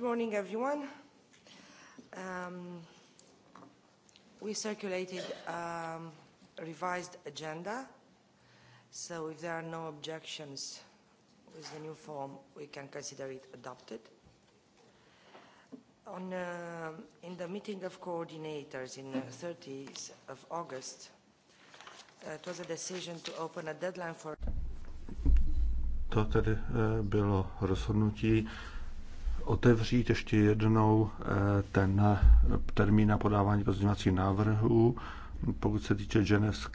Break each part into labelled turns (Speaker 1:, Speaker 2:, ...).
Speaker 1: Good morning, everyone. Um, we circulated a um, revised agenda, so if there are no objections with the new form, we can consider it adopted. On, uh, in the meeting of coordinators in uh, the 30th of August, uh, it was a decision to open a deadline for...
Speaker 2: To tedy uh, bylo rozhodnutí otevřít ještě jednou eh, ten eh, termín na podávání pozměňovacích návrhů, pokud se týče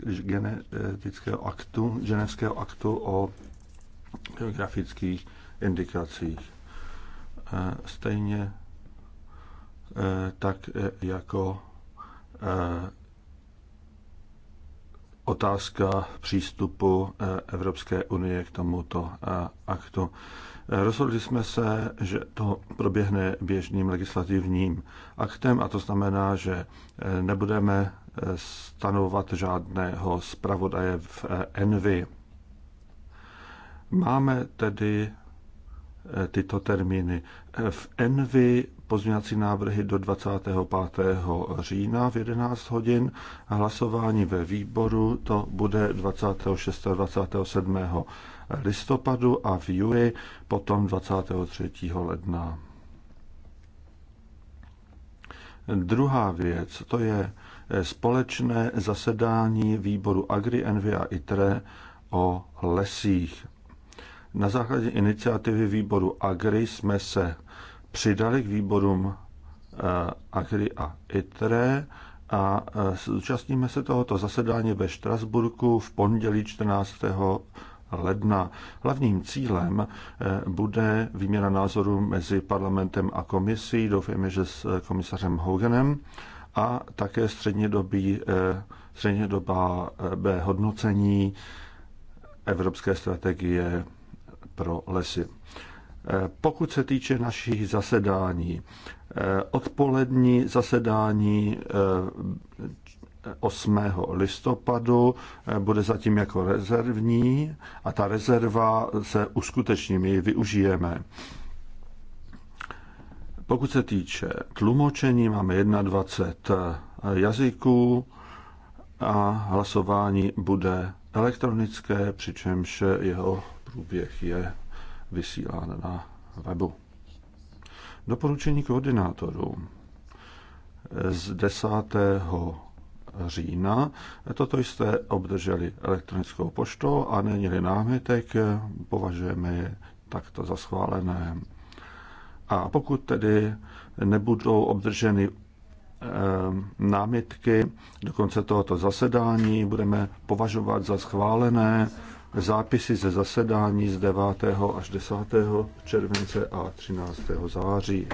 Speaker 2: genetického aktu, ženevského aktu o geografických indikacích. Eh, stejně tak jako otázka přístupu Evropské unie k tomuto aktu. Rozhodli jsme se, že to proběhne běžným legislativním aktem a to znamená, že eh, nebudeme eh, stanovat žádného zpravodaje v eh, Envy. Máme tedy tyto termíny. V Envy pozměňovací návrhy do 25. října v 11 hodin a hlasování ve výboru to bude 26. a 27 listopadu a v juli potom 23. ledna. Druhá věc, to je společné zasedání výboru Agri, Envy a ITRE o lesích. Na základě iniciativy výboru Agri jsme se přidali k výborům eh, Agri a ITRE a eh, zúčastníme se tohoto zasedání ve Štrasburku v pondělí 14 ledna. Hlavním cílem eh, bude výměna názorů mezi parlamentem a komisí, doufejme, že s eh, komisařem Hoganem, a také střednědobí, eh, střednědobá B hodnocení Evropské strategie pro lesy. Pokud se týče našich zasedání, odpolední zasedání 8. listopadu, eh, bude zatím jako rezervní a ta rezerva se uskuteční, my ji využijeme. Pokud se týče tlumočení, máme 21 eh, jazyků a hlasování bude elektronické, přičemž jeho průběh je vysílán na webu. Doporučení koordinátorů z 10 října. Toto jste obdrželi elektronickou poštou a není-li námitek, považujeme je takto za schválené. A pokud tedy nebudou obdrženy eh, námitky do konce tohoto zasedání, budeme považovat za schválené zápisy ze zasedání z 9. až 10. července a 13. září.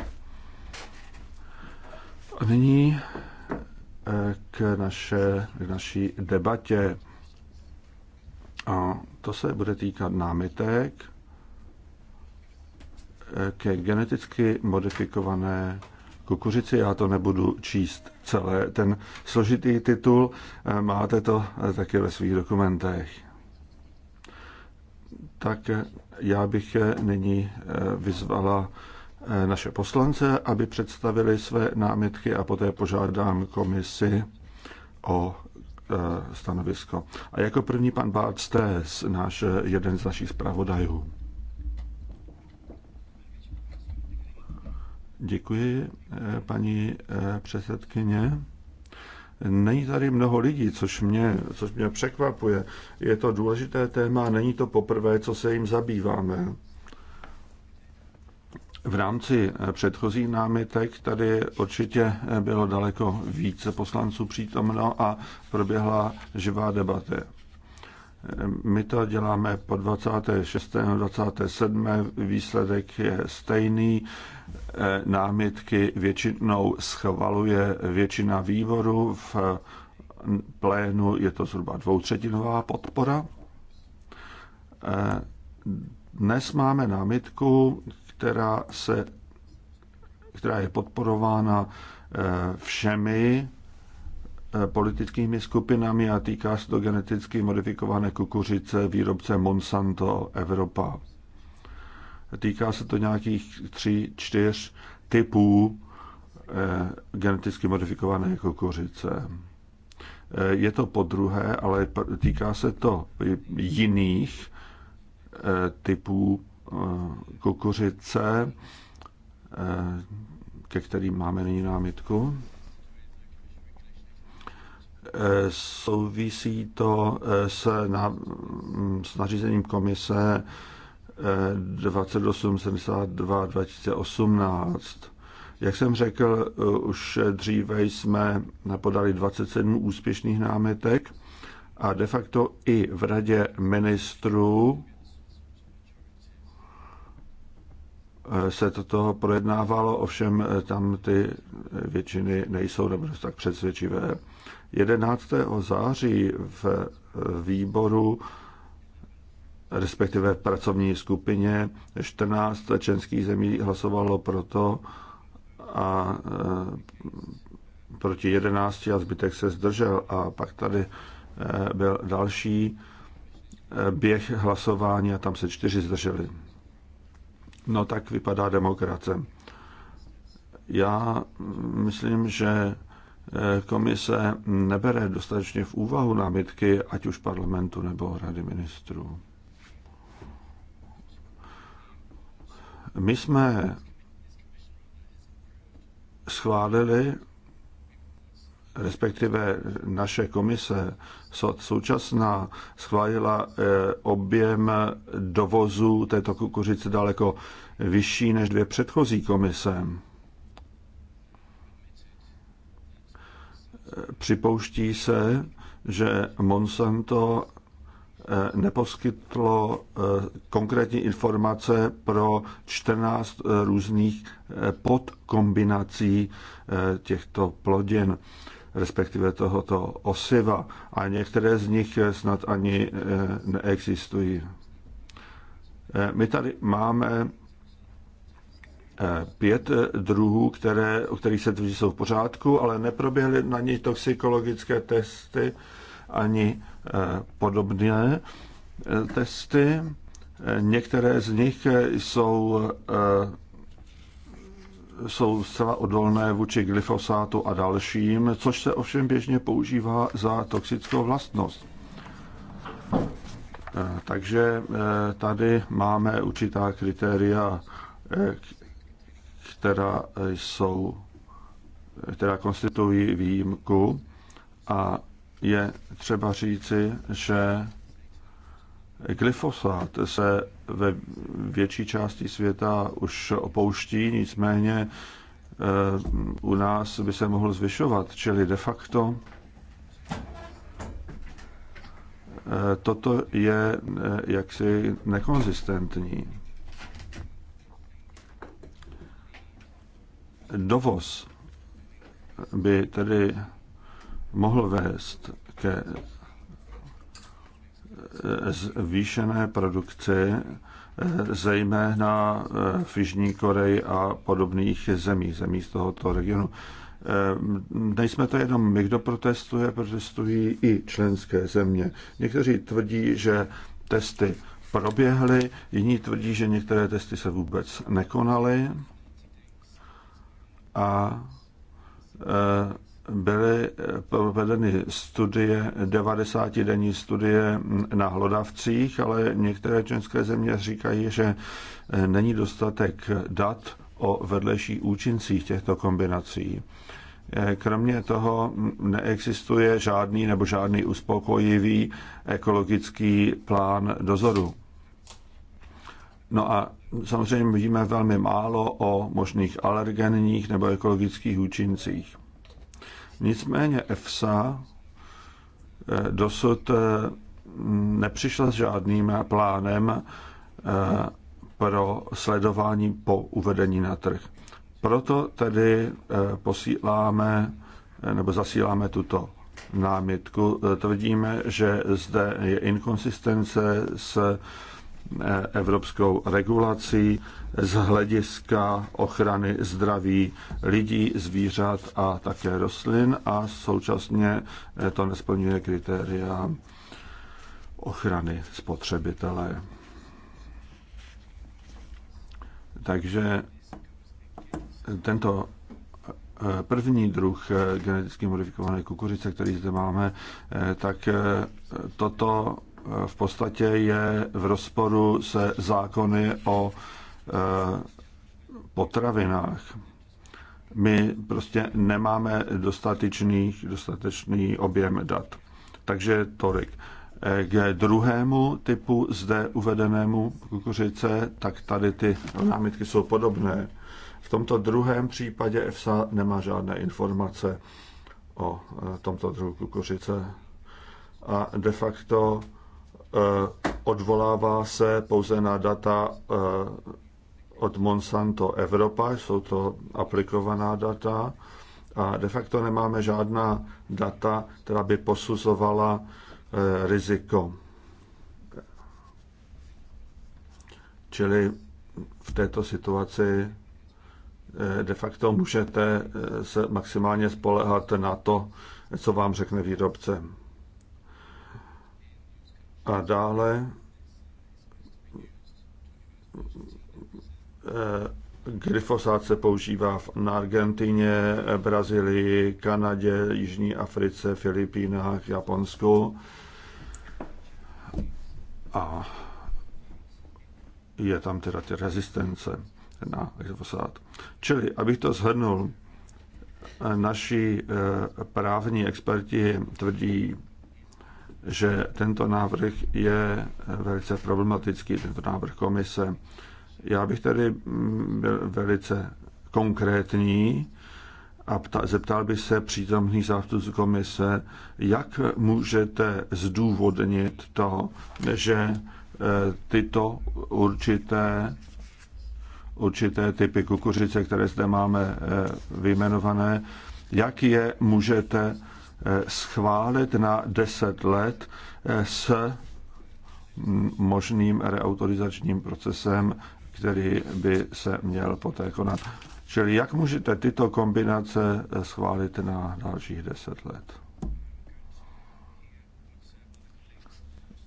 Speaker 2: A nyní k, naše, k naší debatě. A to se bude týkat námitek ke geneticky modifikované kukuřici. Já to nebudu číst celé. Ten složitý titul eh, máte to eh, taky ve svých dokumentech. Tak eh, já bych nyní vyzvala Eh, naše poslance, aby představili své námitky a poté požádám komisi o eh, stanovisko. A jako první pan Bart Stés, náš, eh, jeden z našich zpravodajů. Děkuji, paní předsedkyně. Není tady mnoho lidí, což mě, což mě překvapuje. Je to důležité téma, není to poprvé, co se jim zabýváme. V rámci eh, předchozích námitek tady určitě eh, bylo daleko více poslanců přítomno a proběhla živá debata. Eh, my to děláme po 26. 27. výsledek je stejný. Námitky většinou schvaluje většina výboru. V plénu je to zhruba dvoutřetinová podpora. Dnes máme námitku, která, se, která je podporována eh, všemi eh, politickými skupinami a týká se to geneticky modifikované kukuřice výrobce Monsanto Evropa. Týká se to nějakých tři, čtyř typů eh, geneticky modifikované kukuřice. Je to po druhé, ale týká se to jiných typů kukuřice, eh, ke kterým máme nyní námitku. Eh, souvisí to eh, s, na, mm, s nařízením komise 2872 2018. Jak jsem řekl, už dříve jsme podali 27 úspěšných námitek a de facto i v radě ministrů se toto projednávalo, ovšem eh, tam ty většiny nejsou dobře tak přesvědčivé. 11. září v eh, výboru respektive v pracovní skupině 14 členských zemí hlasovalo proto a eh, proti 11 a zbytek se zdržel. A pak tady byl další běh hlasování a tam se čtyři zdrželi. No tak vypadá demokrace. Já myslím, že eh, komise nebere dostatečně v úvahu námitky, ať už parlamentu nebo rady ministrů. My jsme schválili respektive naše komise současná schválila eh, objem dovozu této kukuřice daleko vyšší než dvě předchozí komise. Připouští se, že Monsanto eh, neposkytlo eh, konkrétní informace pro 14 různých podkombinací těchto plodin respektive tohoto osiva. A některé z nich snad ani eh, neexistují. Eh, my tady máme eh, pět druhů, které, o kterých se tvrdí, jsou v pořádku, ale neproběhly na ní toxikologické testy ani podobné testy. Některé z nich jsou jsou zcela odolné vůči glyfosátu a dalším, což se ovšem běžně používá za toxickou vlastnost. Eh, takže eh, tady máme určitá kritéria, eh, která jsou, která konstituují výjimku a je třeba říci, že glyfosát se ve větší části světa už opouští, nicméně eh, u nás by se mohl zvyšovat, čili de facto eh, toto je eh, jaksi nekonzistentní. Dovoz by tedy mohl vést ke zvýšené produkci, eh, zejména eh, v Jižní Koreji a podobných zemích, zemí z tohoto regionu. Eh, nejsme to jenom my, kdo protestuje, protestují i členské země. Někteří tvrdí, že testy proběhly, jiní tvrdí, že některé testy se vůbec nekonaly a byly eh, provedeny studie, 90-denní studie na hlodavcích, ale některé členské země říkají, že eh, není dostatek dat o vedlejších účincích těchto kombinací. Eh, kromě toho mm, neexistuje žádný nebo žádný uspokojivý ekologický plán dozoru. No a samozřejmě víme velmi málo o možných alergenních nebo ekologických účincích. Nicméně EFSA eh, dosud eh, nepřišla s žádným plánem eh, pro sledování po uvedení na trh. Proto tedy posíláme nebo zasíláme tuto námitku. Tvrdíme, že zde je inkonsistence s evropskou regulací z hlediska ochrany zdraví lidí, zvířat a také rostlin a současně eh, to nesplňuje kritéria ochrany spotřebitele. Takže eh, tento eh, první druh geneticky modifikované kukuřice, který zde máme, tak toto v podstatě je v rozporu se zákony o Eh, potravinách. My prostě nemáme dostatečný, dostatečný objem dat. Takže tolik. Eh, k druhému typu zde uvedenému kukuřice, tak tady ty námitky jsou podobné. V tomto druhém případě EFSA nemá žádné informace o eh, tomto druhu kukuřice a de facto odvolává se pouze na data od Monsanto Evropa, jsou to aplikovaná data a de facto nemáme žádná data, která by posuzovala eh, riziko. Čili v této situaci eh, de facto můžete eh, se maximálně spolehat na to, co vám řekne výrobce. A dále Eh, glyfosát se používá na Argentině, eh, Brazílii, Kanadě, Jižní Africe, Filipínách, Japonsku. A je tam teda ty rezistence na glyfosát. Čili, abych to shrnul, eh, naši právní experti tvrdí, že tento návrh je velice problematický, tento návrh komise. Já bych tady mm, byl velice konkrétní a pta, zeptal bych se přítomný zástupců komise, jak můžete zdůvodnit to, že e, tyto určité, určité typy kukuřice, které zde máme e, vyjmenované, jak je můžete e, schválit na 10 let s možným reautorizačním procesem který by se měl poté konat. Čili jak můžete tyto kombinace schválit na dalších deset let?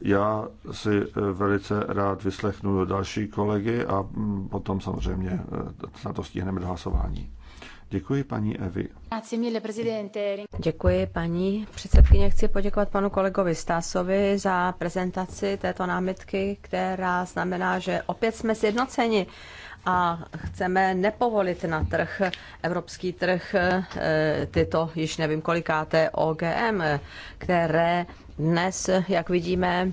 Speaker 2: Já si eh, velice rád vyslechnu další kolegy a mm, potom samozřejmě eh, na to stihneme do hlasování. Děkuji paní Evi. Děkuji paní
Speaker 3: předsedkyně. Chci poděkovat panu kolegovi Stásovi za prezentaci této námitky, která znamená, že opět jsme sjednoceni a chceme nepovolit na trh, evropský trh, eh, tyto již nevím kolikáté OGM, které dnes, jak vidíme,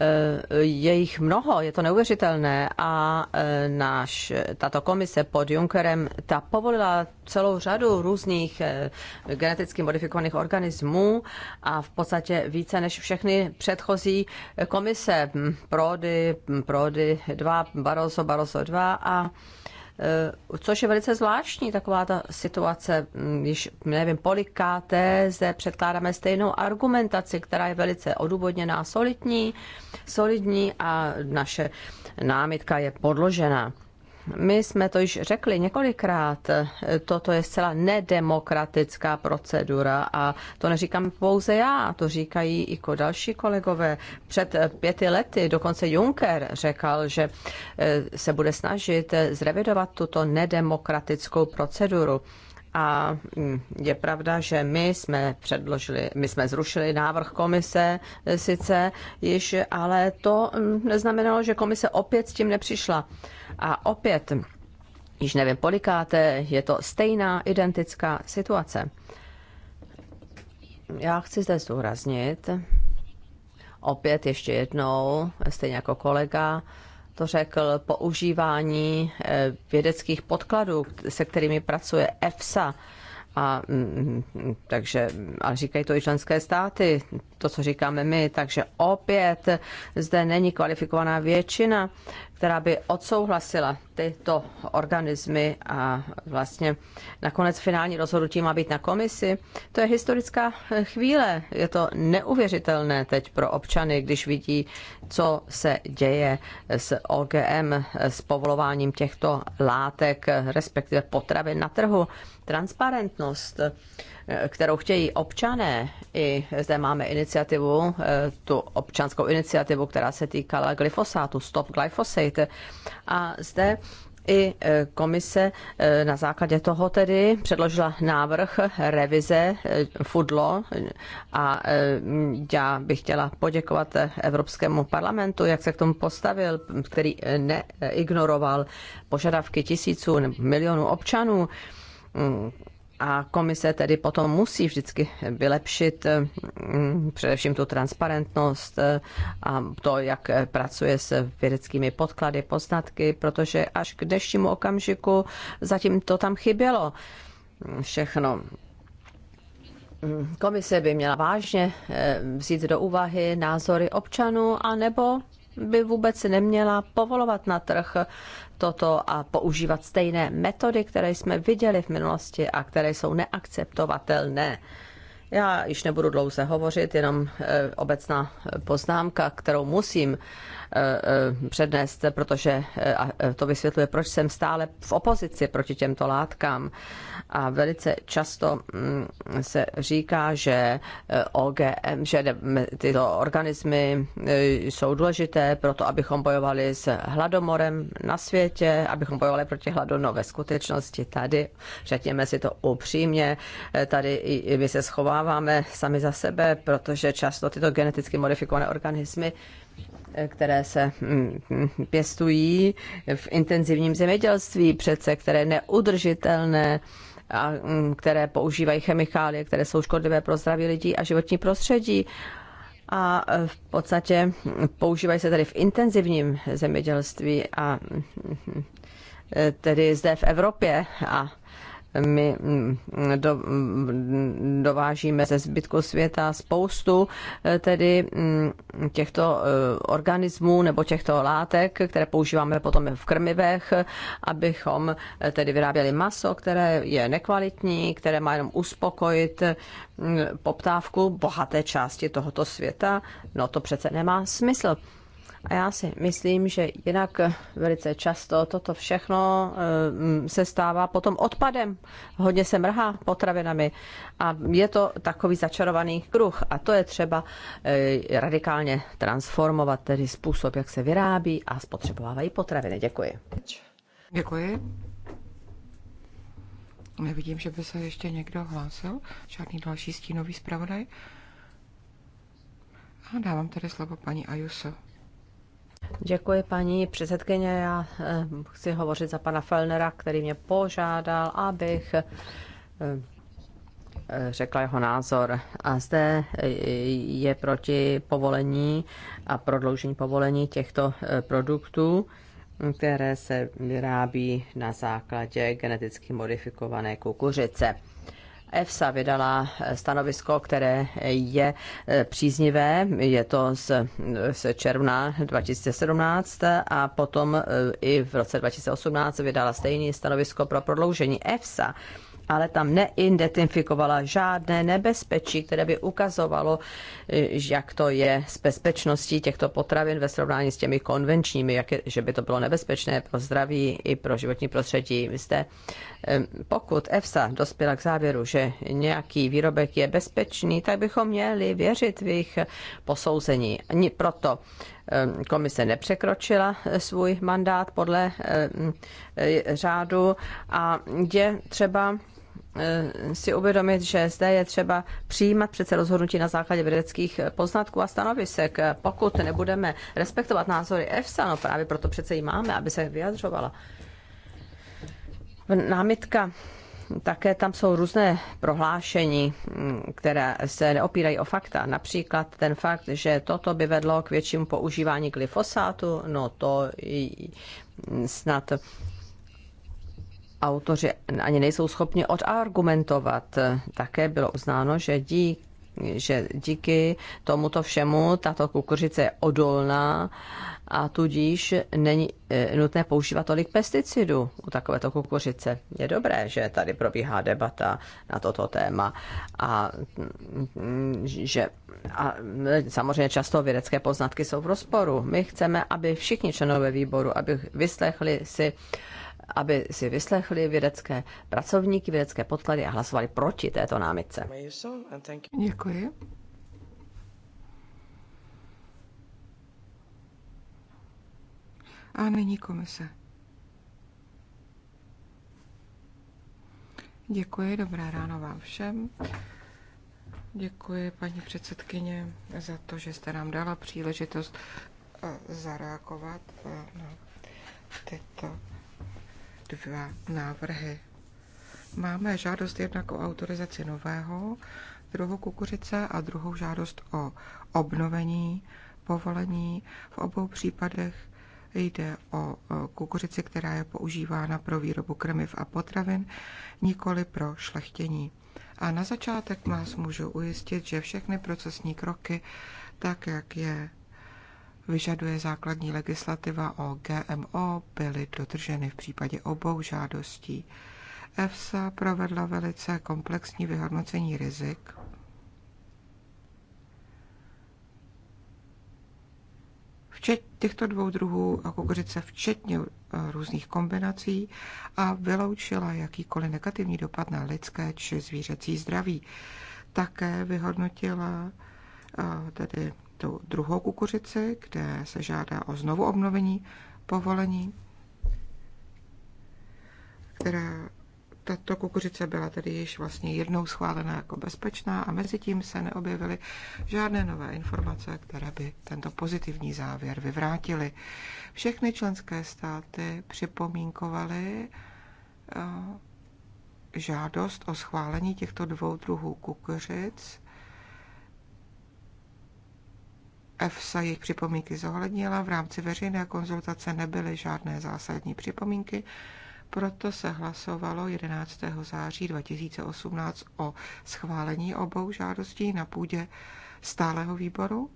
Speaker 3: Eh, je jich mnoho, je to neuvěřitelné a eh, náš, tato komise pod Junckerem, ta povolila celou řadu různých eh, geneticky modifikovaných organismů a v podstatě více než všechny předchozí komise hm, Prody, hm, Prody 2, Barroso, Barroso 2 a Eh, což je velice zvláštní taková ta situace. když, mm, nevím, polikáte, zde předkládáme stejnou argumentaci, která je velice odůvodněná, solidní, solidní a naše námitka je podložená. My jsme to již řekli několikrát, toto je zcela nedemokratická procedura a to neříkám pouze já, to říkají i jako další kolegové. Před pěti lety dokonce Juncker řekl, že eh, se bude snažit zrevidovat tuto nedemokratickou proceduru. A hm, je pravda, že my jsme předložili, my jsme zrušili návrh komise eh, sice již, ale to hm, neznamenalo, že komise opět s tím nepřišla. A opět, již nevím polikáte, je to stejná, identická situace. Já chci zde zdůraznit, opět ještě jednou, stejně jako kolega, to řekl, používání eh, vědeckých podkladů, se kterými pracuje EFSA. A, mm, mm, takže, ale říkají to i členské státy, to, co říkáme my, takže opět zde není kvalifikovaná většina která by odsouhlasila tyto organismy a vlastně nakonec finální rozhodnutí má být na komisi. To je historická chvíle. Je to neuvěřitelné teď pro občany, když vidí, co se děje s OGM, s povolováním těchto látek, respektive potravin na trhu. Transparentnost kterou chtějí občané. I zde máme iniciativu, eh, tu občanskou iniciativu, která se týkala glyfosátu, Stop Glyphosate. A zde i eh, komise eh, na základě toho tedy předložila návrh revize FUDLO a já bych chtěla poděkovat Evropskému parlamentu, jak se k tomu postavil, který neignoroval požadavky tisíců nebo milionů občanů mm, a komise tedy potom musí vždycky vylepšit mm, především tu transparentnost eh, a to, jak pracuje s vědeckými podklady, poznatky, protože až k dnešnímu okamžiku zatím to tam chybělo mm, všechno. Mm, komise by měla vážně eh, vzít do úvahy názory občanů a nebo by vůbec neměla povolovat na trh toto a používat stejné metody, které jsme viděli v minulosti a které jsou neakceptovatelné. Já již nebudu dlouze hovořit, jenom eh, obecná eh, poznámka, kterou musím Eh, eh, přednést, protože eh, to vysvětluje, proč jsem stále v opozici proti těmto látkám. A velice často mm, se říká, že OGM, že tyto organismy jsou důležité pro to, abychom bojovali s hladomorem na světě, abychom bojovali proti hladu, no, ve skutečnosti tady, řekněme si to upřímně, tady my se schováváme sami za sebe, protože často tyto geneticky modifikované organismy které se mm, mm, pěstují v intenzivním zemědělství, přece které je neudržitelné, a mm, které používají chemikálie, které jsou škodlivé pro zdraví lidí a životní prostředí. A v podstatě používají se tady v intenzivním zemědělství a tedy zde v Evropě a my mm, do, mm, dovážíme ze zbytku světa spoustu eh, tedy mm, těchto eh, organismů nebo těchto látek, které používáme potom v krmivech, abychom eh, tedy vyráběli maso, které je nekvalitní, které má jenom uspokojit poptávku bohaté části tohoto světa. No to přece nemá smysl. A já si myslím, že jinak velice často toto všechno eh, se stává potom odpadem. Hodně se mrhá potravinami a je to takový začarovaný kruh a to je třeba eh, radikálně transformovat, tedy způsob, jak se vyrábí a spotřebovávají potraviny. Děkuji.
Speaker 1: Děkuji. Nevidím, že by se ještě někdo hlásil. Žádný další stínový zpravodaj. A dávám tedy slovo paní Ajuso. Děkuji,
Speaker 3: paní předsedkyně. Já eh, chci hovořit za pana Felnera, který mě požádal, abych eh, eh, řekla jeho názor. A zde je proti povolení a prodloužení povolení těchto produktů, které se vyrábí na základě geneticky modifikované kukuřice. EFSA vydala eh, stanovisko, které je eh, příznivé, je to z, z června 2017 a potom eh, i v roce 2018 vydala stejné stanovisko pro prodloužení EFSA ale tam neidentifikovala žádné nebezpečí, které by ukazovalo, jak to je s bezpečností těchto potravin ve srovnání s těmi konvenčními, jak je, že by to bylo nebezpečné pro zdraví i pro životní prostředí. Vy jste pokud EFSA dospěla k závěru, že nějaký výrobek je bezpečný, tak bychom měli věřit v jejich posouzení. Proto komise nepřekročila svůj mandát podle e, řádu a je třeba si uvědomit, že zde je třeba přijímat přece rozhodnutí na základě vědeckých poznatků a stanovisek. Pokud nebudeme respektovat názory EFSA, no právě proto přece ji máme, aby se vyjadřovala námitka také tam jsou různé prohlášení, které se neopírají o fakta. Například ten fakt, že toto by vedlo k většímu používání glyfosátu, no to snad autoři ani nejsou schopni odargumentovat. Také bylo uznáno, že dík že díky tomuto všemu tato kukuřice je odolná a tudíž není eh, nutné používat tolik pesticidů u takovéto kukuřice. Je dobré, že tady probíhá debata na toto téma a mm, že a mm, samozřejmě často vědecké poznatky jsou v rozporu. My chceme, aby všichni členové výboru, aby vyslechli si aby si vyslechli vědecké pracovníky, vědecké podklady a hlasovali proti této námitce. Děkuji.
Speaker 1: A nyní komise. Děkuji, dobré ráno vám všem. Děkuji, paní předsedkyně, za to, že jste nám dala příležitost eh, zareagovat eh, na tyto dva návrhy. Máme žádost jednak o autorizaci nového druhu kukuřice a druhou žádost o obnovení povolení. V obou případech jde o e, kukuřici, která je používána pro výrobu krmiv a potravin, nikoli pro šlechtění. A na začátek vás můžu ujistit, že všechny procesní kroky, tak jak je vyžaduje základní legislativa o GMO, byly dodrženy v případě obou žádostí. EFSA provedla velice komplexní vyhodnocení rizik včet, těchto dvou druhů kukuřice, včetně uh, různých kombinací, a vyloučila jakýkoliv negativní dopad na lidské či zvířecí zdraví. Také vyhodnotila uh, tedy tu druhou kukuřici, kde se žádá o znovu obnovení povolení, která tato kukuřice byla tedy již vlastně jednou schválena jako bezpečná a mezi tím se neobjevily žádné nové informace, které by tento pozitivní závěr vyvrátily. Všechny členské státy připomínkovaly eh, žádost o schválení těchto dvou druhů kukuřic EFSA jejich připomínky zohlednila. V rámci veřejné konzultace nebyly žádné zásadní připomínky, proto se hlasovalo 11. září 2018 o schválení obou žádostí na půdě stáleho výboru.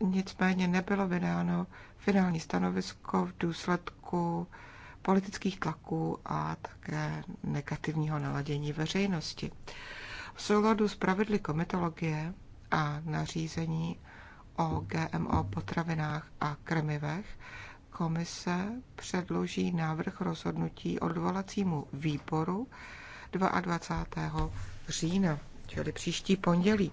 Speaker 1: Nicméně nebylo vydáno finální stanovisko v důsledku politických tlaků a také negativního naladění veřejnosti. V souladu s pravidly komitologie a nařízení o GMO potravinách a krmivech komise předloží návrh rozhodnutí odvolacímu výboru 22. října, čili příští pondělí.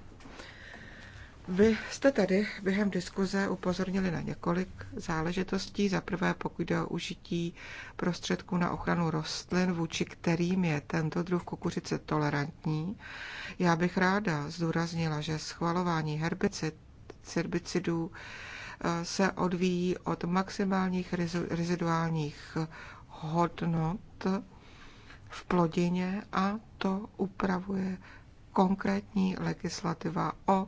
Speaker 1: Vy jste tady během diskuze upozornili na několik záležitostí. Za prvé, pokud jde o užití prostředků na ochranu rostlin, vůči kterým je tento druh kukuřice tolerantní. Já bych ráda zdůraznila, že schvalování herbicid, herbicidů eh, se odvíjí od maximálních reziduálních hodnot v plodině a to upravuje konkrétní legislativa o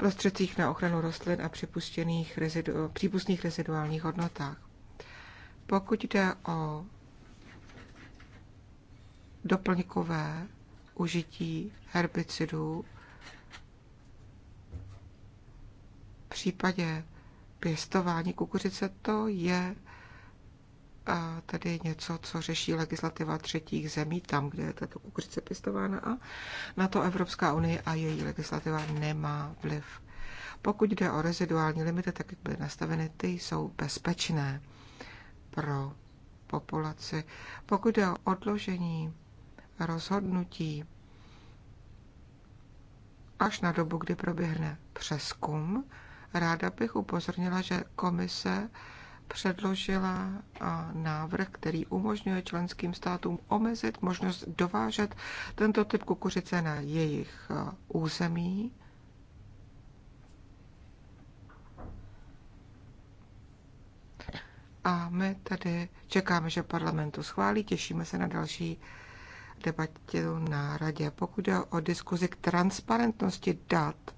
Speaker 1: prostředcích na ochranu rostlin a připuštěných rezidu, přípustných reziduálních hodnotách. Pokud jde o doplňkové užití herbicidů, v případě pěstování kukuřice to je tedy něco, co řeší legislativa třetích zemí, tam, kde je tato kukuřice pěstována a na to Evropská unie a její legislativa nemá vliv. Pokud jde o reziduální limity, tak jak byly nastaveny, ty jsou bezpečné pro populaci. Pokud jde o odložení rozhodnutí až na dobu, kdy proběhne přeskum, ráda bych upozornila, že komise předložila návrh, který umožňuje členským státům omezit možnost dovážet tento typ kukuřice na jejich území. A my tady čekáme, že parlamentu schválí, těšíme se na další debatě na radě. Pokud jde o diskuzi k transparentnosti dat,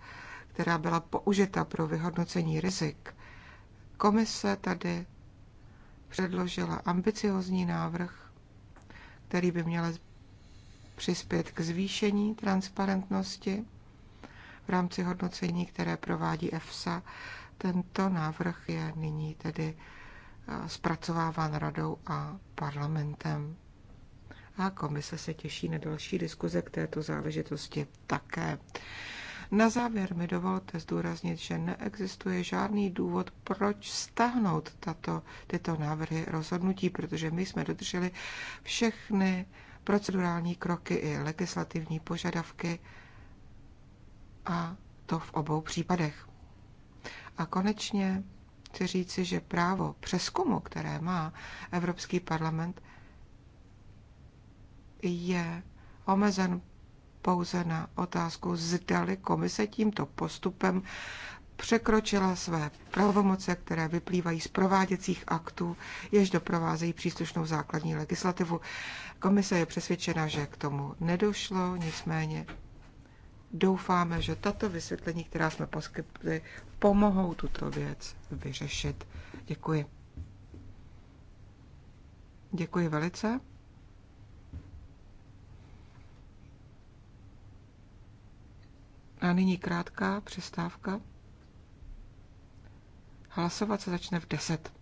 Speaker 1: která byla použita pro vyhodnocení rizik, Komise tady předložila ambiciozní návrh, který by měl přispět k zvýšení transparentnosti v rámci hodnocení, které provádí EFSA. Tento návrh je nyní tedy eh, zpracováván radou a parlamentem. A komise se těší na další diskuze k této záležitosti také. Na závěr mi dovolte zdůraznit, že neexistuje žádný důvod, proč stáhnout tato, tyto návrhy rozhodnutí, protože my jsme dodrželi všechny procedurální kroky i legislativní požadavky a to v obou případech. A konečně chci říci, že právo přeskumu, které má Evropský parlament, je omezen pouze na otázku, zdali komise tímto postupem překročila své pravomoce, které vyplývají z prováděcích aktů, jež doprovázejí příslušnou základní legislativu. Komise je přesvědčena, že k tomu nedošlo, nicméně doufáme, že tato vysvětlení, která jsme poskytli, pomohou tuto věc vyřešit. Děkuji. Děkuji velice. A nyní krátká přestávka. Hlasovat se začne v 10.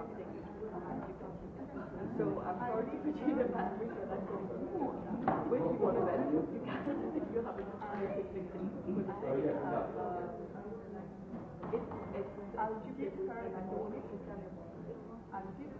Speaker 4: So I'm sorry to change the language, but I'm going to If you want to benefit, you can. If you have a specific thing to say. It's, it's, I'll give her an I'll give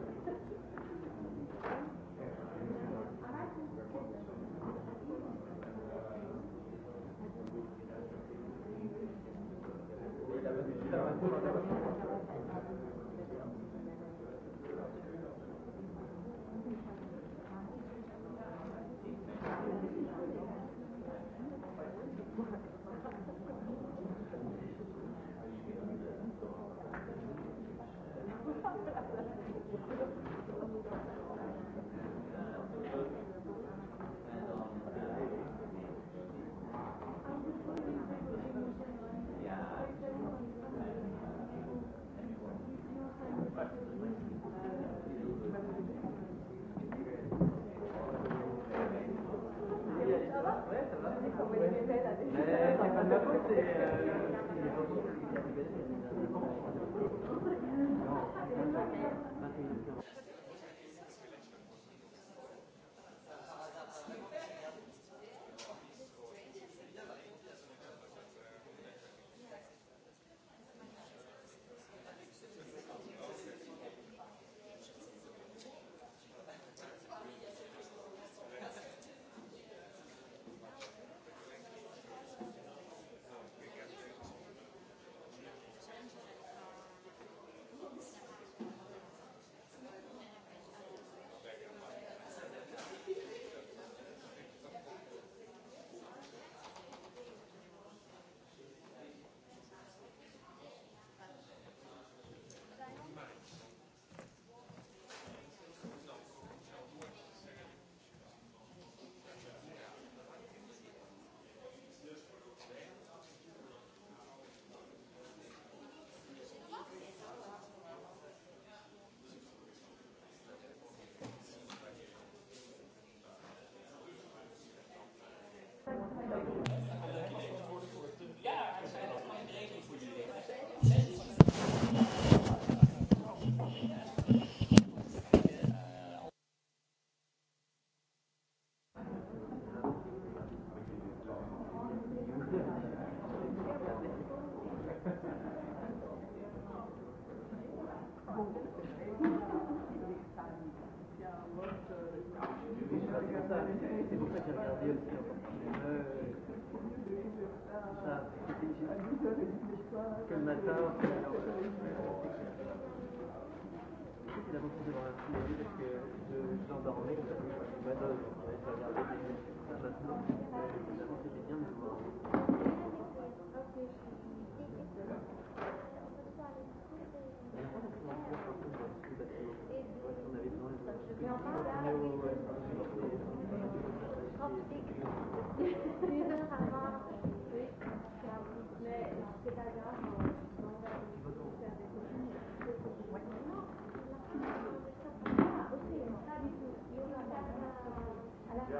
Speaker 4: qu'il a dans la foulée parce que de Jean on a vu Madone, on avait regardé les maintenant, évidemment c'était bien de le voir. Mais c'est pas grave. Yeah.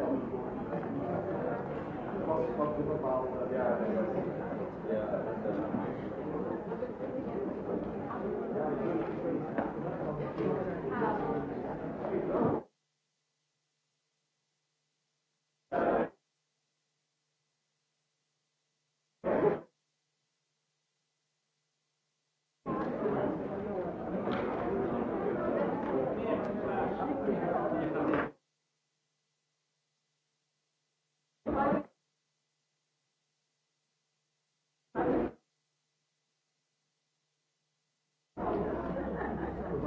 Speaker 4: Thank you.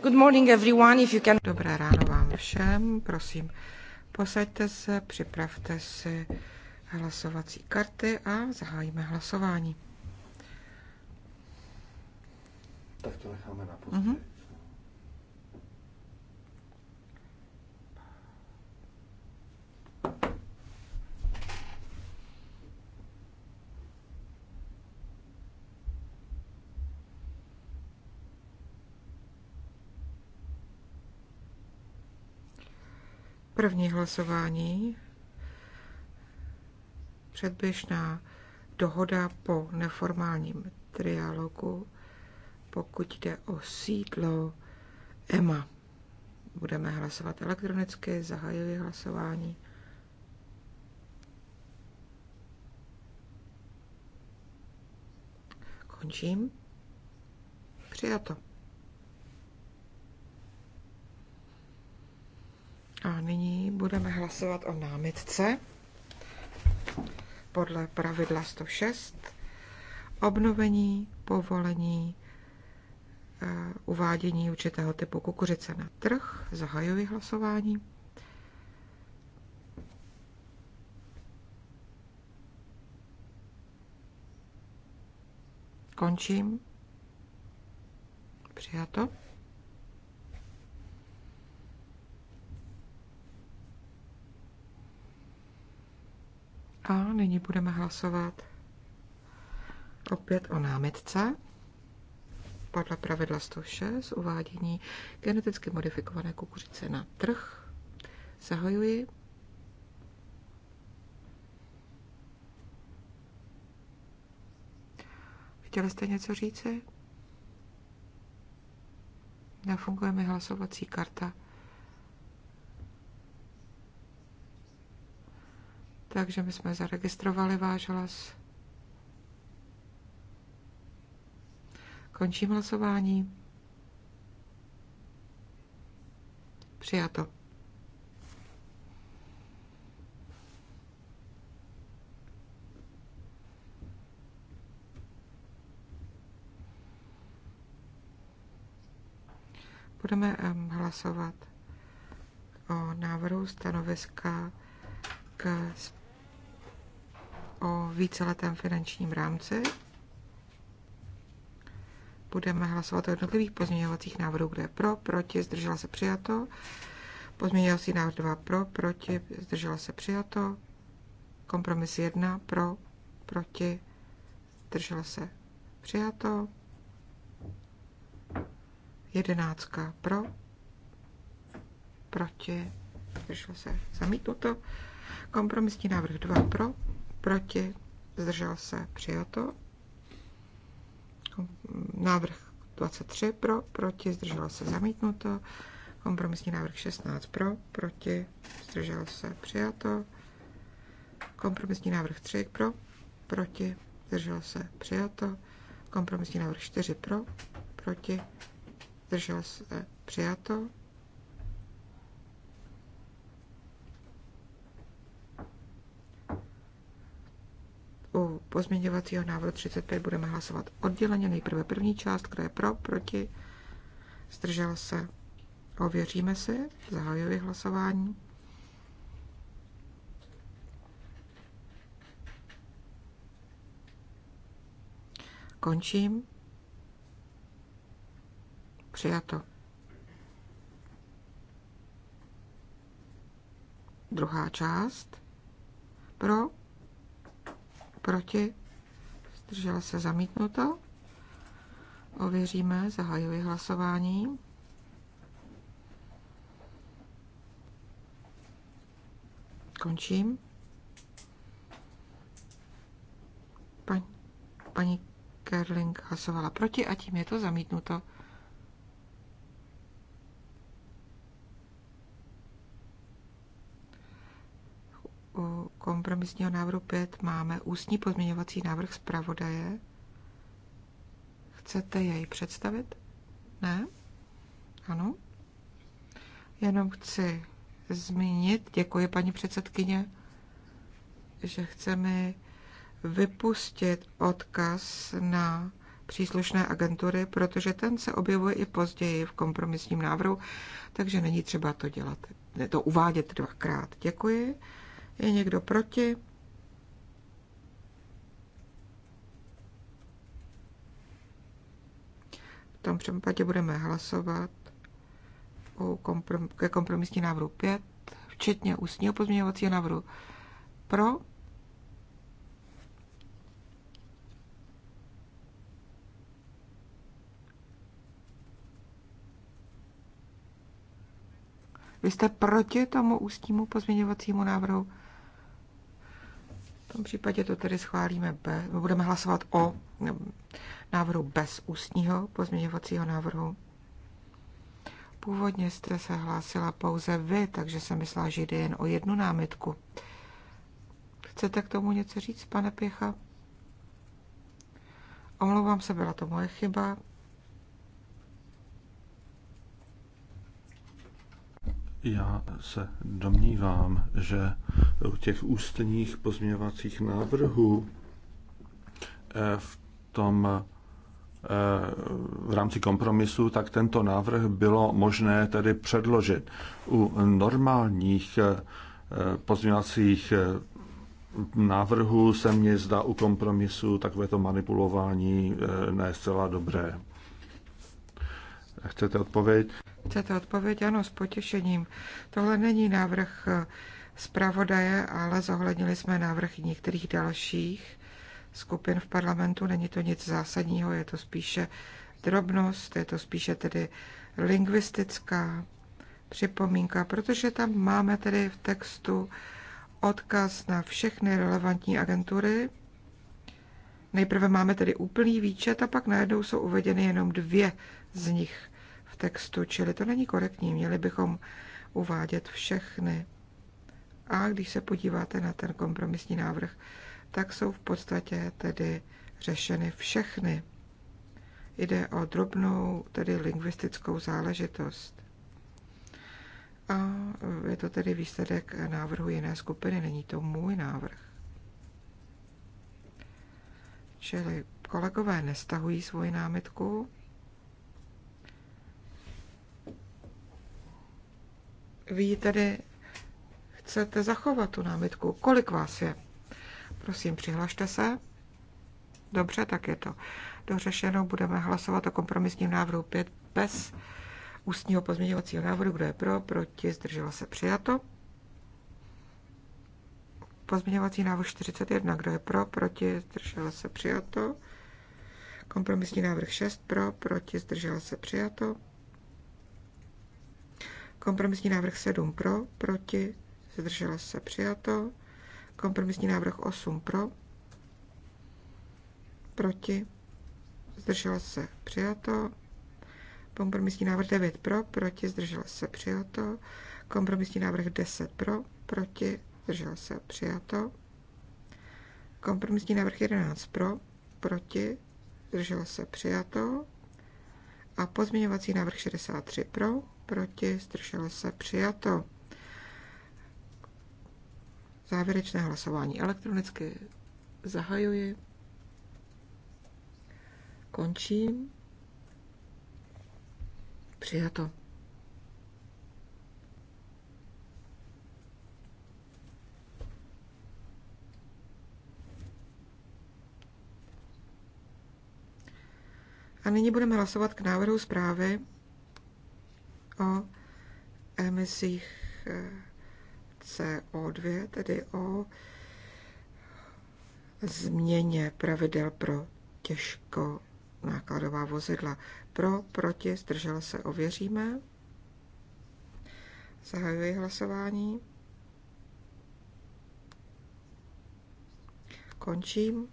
Speaker 1: Good morning everyone, if you can... Dobré ráno všem. Prosím, posaďte se, připravte si hlasovací karty a zahájíme hlasování.
Speaker 2: Tak to necháme na později.
Speaker 1: Mm-hmm. První hlasování, předběžná dohoda po neformálním trialogu, pokud jde o sídlo EMA. Budeme hlasovat elektronicky, zahajuji hlasování. Končím. Přijato. A nyní budeme hlasovat o námitce podle pravidla 106. Obnovení povolení eh, uvádění určitého typu kukuřice na trh. Zahajuji hlasování. Končím. Přijato. A nyní budeme hlasovat opět o námitce podle pravidla 106 uvádění geneticky modifikované kukuřice na trh. Zahajuji. Chtěli jste něco říci? Nefunguje mi hlasovací karta. Takže my jsme zaregistrovali váš hlas. Končím hlasování. Přijato. Budeme hlasovat o návrhu stanoviska k o víceletém finančním rámci. Budeme hlasovat o jednotlivých pozměňovacích návrhů, kde je pro, proti, zdržela se přijato. Pozměňovací návrh 2 pro, proti, zdržela se přijato. Kompromis 1 pro, proti, zdržela se přijato. Jedenáctka pro, proti, zdržela se zamítnuto. Kompromisní návrh 2 pro, proti, zdržel se, přijato. Návrh 23 pro, proti, zdržel se, zamítnuto. Kompromisní návrh 16 pro, proti, zdržel se, přijato. Kompromisní návrh 3 pro, proti, zdržel se, přijato. Kompromisní návrh 4 pro, proti, zdržel se, přijato. pozměňovacího návrhu 35 budeme hlasovat odděleně. Nejprve první část, kde je pro, proti, zdržel se. Ověříme si, zahajuji hlasování. Končím. Přijato. Druhá část. Pro proti, zdržel se zamítnuto. Ověříme, zahajuji hlasování. Končím. Paní, paní Kerling hlasovala proti a tím je to zamítnuto. kompromisního návrhu 5 máme ústní pozměňovací návrh zpravodaje. Chcete jej představit? Ne? Ano? Jenom chci zmínit, děkuji paní předsedkyně, že chceme vypustit odkaz na příslušné agentury, protože ten se objevuje i později v kompromisním návrhu, takže není třeba to dělat, to uvádět dvakrát. Děkuji. Je někdo proti? V tom případě budeme hlasovat o komprom- ke kompromisní návrhu 5, včetně ústního pozměňovacího návrhu pro. Vy jste proti tomu ústnímu pozměňovacímu návrhu? V tom případě to tedy schválíme, bez, budeme hlasovat o návrhu bez ústního pozměňovacího návrhu. Původně jste se hlásila pouze vy, takže jsem myslela, že jde jen o jednu námitku. Chcete k tomu něco říct, pane Pěcha? Omlouvám se, byla to moje chyba.
Speaker 2: Já se domnívám, že u těch ústních pozměňovacích návrhů eh, v tom eh, v rámci kompromisu, tak tento návrh bylo možné tedy předložit. U normálních eh, pozměňovacích návrhů se mně zdá u kompromisu takovéto manipulování ne zcela dobré. Chcete odpověď?
Speaker 1: Chcete odpověď? Ano, s potěšením. Tohle není návrh eh, zpravodaje, ale zohlednili jsme návrh některých dalších skupin v parlamentu. Není to nic zásadního, je to spíše drobnost, je to spíše tedy lingvistická připomínka, protože tam máme tedy v textu odkaz na všechny relevantní agentury. Nejprve máme tedy úplný výčet a pak najednou jsou uvedeny jenom dvě z nich textu, čili to není korektní. Měli bychom uvádět všechny. A když se podíváte na ten kompromisní návrh, tak jsou v podstatě tedy řešeny všechny. Jde o drobnou, tedy lingvistickou záležitost. A je to tedy výsledek návrhu jiné skupiny, není to můj návrh. Čili kolegové nestahují svoji námitku, Vy tedy chcete zachovat tu námitku. Kolik vás je? Prosím, přihlašte se. Dobře, tak je to dořešeno. Budeme hlasovat o kompromisním návrhu 5 bez ústního pozměňovacího návrhu. Kdo je pro, proti, zdrželo se přijato. Pozměňovací návrh 41. Kdo je pro, proti, zdrželo se přijato. Kompromisní návrh 6 pro, proti, zdrželo se přijato. Kompromisní návrh 7 pro, proti, zdržela se přijato. Kompromisní návrh 8 pro, proti, zdržela se přijato. Kompromisní návrh 9 pro, proti, zdržela se přijato. Kompromisní návrh 10 pro, proti, zdržela se přijato. Kompromisní návrh 11 pro, proti, zdržela se přijato. A pozměňovací návrh 63 pro, proti, zdrželi se, přijato. Závěrečné hlasování elektronicky zahajuji. Končím. Přijato. A nyní budeme hlasovat k návrhu zprávy o emisích eh, CO2, tedy o změně pravidel pro těžko nákladová vozidla. Pro, proti, zdržel se, ověříme. Zahajuji hlasování. Končím.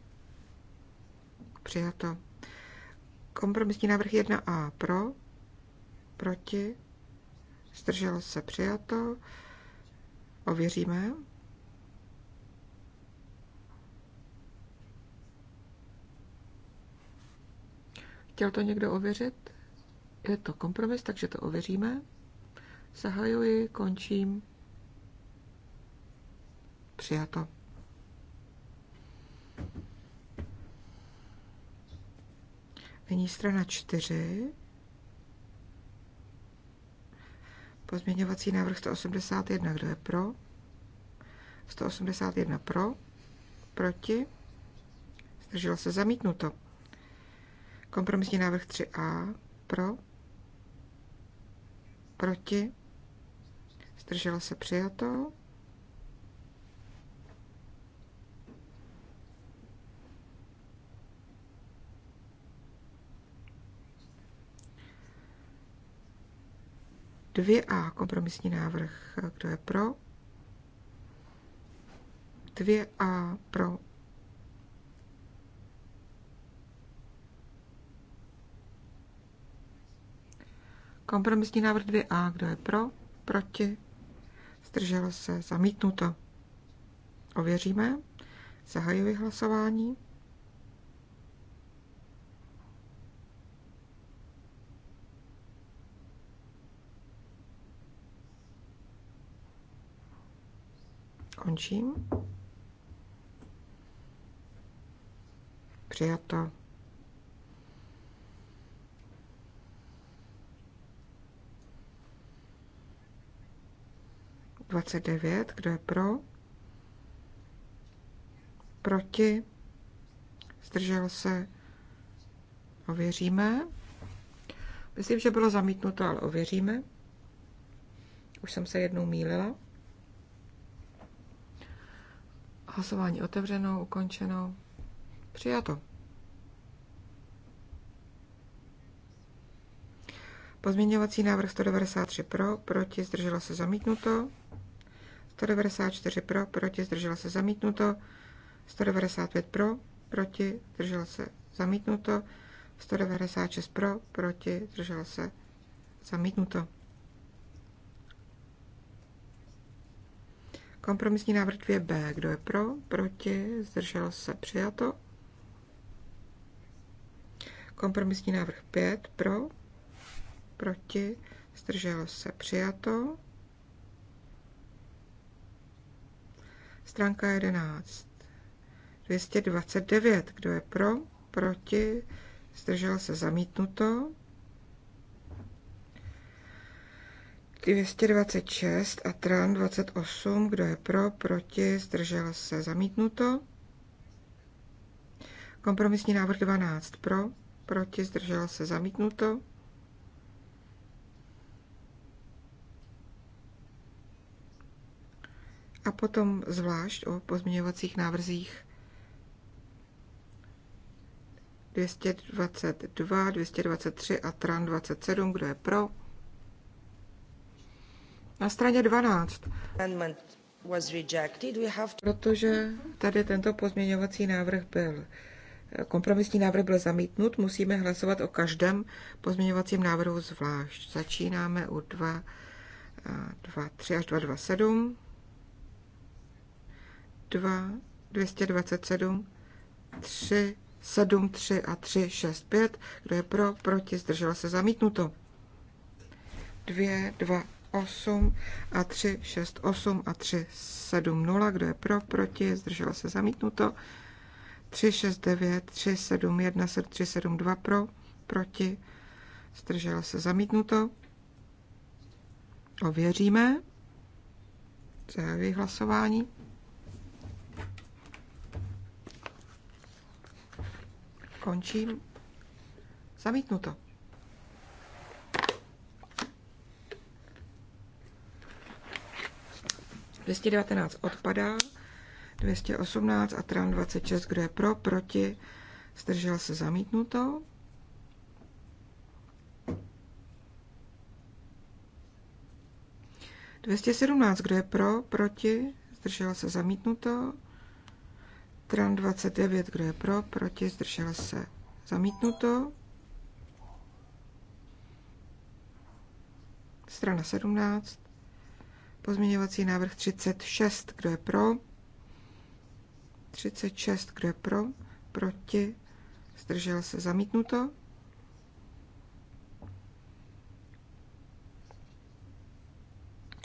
Speaker 1: Přijato. Kompromisní návrh 1a pro, proti, Zdrželo se přijato, ověříme. Chtěl to někdo ověřit? Je to kompromis, takže to ověříme. Zahajuji, končím. Přijato. Nyní strana čtyři. Pozměňovací návrh 181, kdo je pro? 181 pro, proti, zdrželo se zamítnuto. Kompromisní návrh 3a pro, proti, zdrželo se přijato. 2a, kompromisní návrh. Kdo je pro? 2a pro. Kompromisní návrh 2a. Kdo je pro? Proti? Zdrželo se? Zamítnuto. Ověříme. Zahajuji hlasování. Končím. Přijato. Dvacet devět, kdo je pro? Proti? Zdržel se? Ověříme. Myslím, že bylo zamítnuto, ale ověříme. Už jsem se jednou mýlila. Hlasování otevřeno, ukončeno. Přijato. Pozměňovací návrh 193 pro, proti, zdržela se zamítnuto. 194 pro, proti, zdržela se zamítnuto. 195 pro, proti, zdržela se zamítnuto. 196 pro, proti, zdržela se zamítnuto. Kompromisní návrh 2b. Kdo je pro? Proti? Zdržel se? Přijato. Kompromisní návrh 5. Pro? Proti? Zdržel se? Přijato. Stránka 11. 229. Kdo je pro? Proti? Zdržel se? Zamítnuto. 226 a Tran 28, kdo je pro, proti, zdržel se, zamítnuto. Kompromisní návrh 12 pro, proti, zdržel se, zamítnuto. A potom zvlášť o pozměňovacích návrzích 222, 223 a Tran 27, kdo je pro, na straně 12. Protože tady tento pozměňovací návrh byl kompromisní návrh byl zamítnut, musíme hlasovat o každém pozměňovacím návrhu zvlášť. Začínáme u 2, 2 3 až 2, 2, 7, 2, 227, 3, 7, 3 a 3, 6, 5. Kdo je pro, proti, zdržel se zamítnuto. 2, 2, 8 a 3, 6, 8 a 3, 7, 0. Kdo je pro, proti, zdrželo se zamítnuto. 3, 6, 9, 3, 7, 1, 7, 3, 7, 2 pro, proti, zdrželo se zamítnuto. Ověříme. Zahajuji hlasování. Končím. Zamítnuto. 219 odpadá, 218 a tram 26, kdo je pro, proti, zdržel se zamítnuto. Dvěstě sedmnáct, kdo je pro, proti, zdržel se zamítnuto. Tran 29, kdo je pro, proti, zdržel se zamítnuto. Strana 17. Pozměňovací návrh 36, kdo je pro? 36, kdo je pro? Proti? Zdržel se zamítnuto.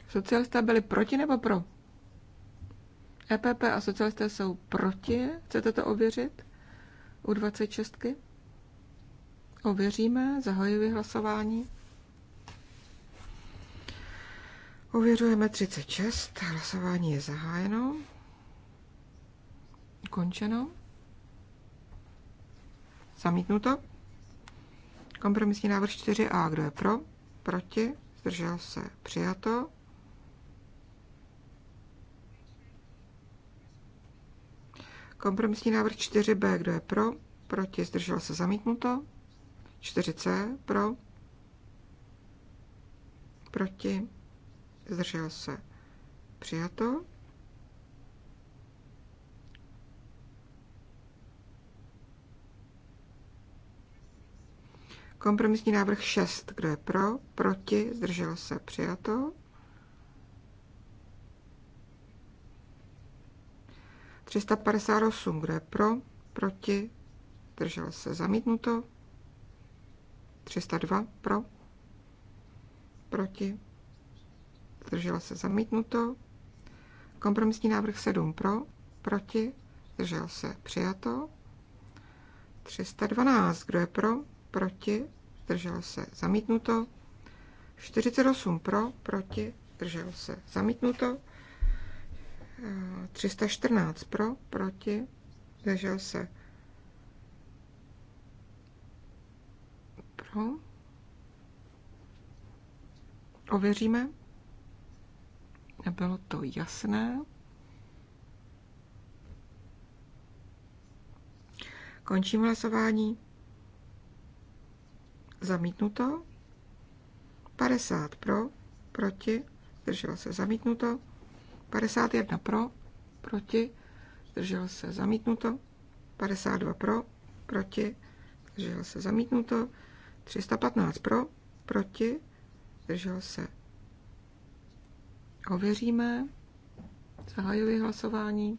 Speaker 1: Socialisté byli proti nebo pro? EPP a socialisté jsou proti. Chcete to ověřit? U 26. Ověříme, zahajuji hlasování. Ověřujeme 36. Hlasování je zahájeno. Končeno. Zamítnuto. Kompromisní návrh 4a. Kdo je pro? Proti? Zdržel se? Přijato. Kompromisní návrh 4b. Kdo je pro? Proti? Zdržel se? Zamítnuto. 4c. Pro? Proti? zdržel se přijato. Kompromisní návrh 6. Kdo je pro? Proti? Zdržel se? Přijato. osm Kdo je pro? Proti? Zdržel se? Zamítnuto. 302. Pro? Proti? zdrželo se zamítnuto. Kompromisní návrh 7 pro, proti, zdržel se přijato. 312, kdo je pro, proti, zdržel se zamítnuto. 48 pro, proti, zdržel se zamítnuto. 314 pro, proti, zdržel se pro. Ověříme. Nebylo to jasné. Končím hlasování. Zamítnuto. 50 pro, proti, zdrželo se zamítnuto. 51 pro, proti, zdrželo se zamítnuto. 52 pro, proti, zdrželo se zamítnuto. 315 pro, proti, zdrželo se Ověříme. Zahajuji hlasování.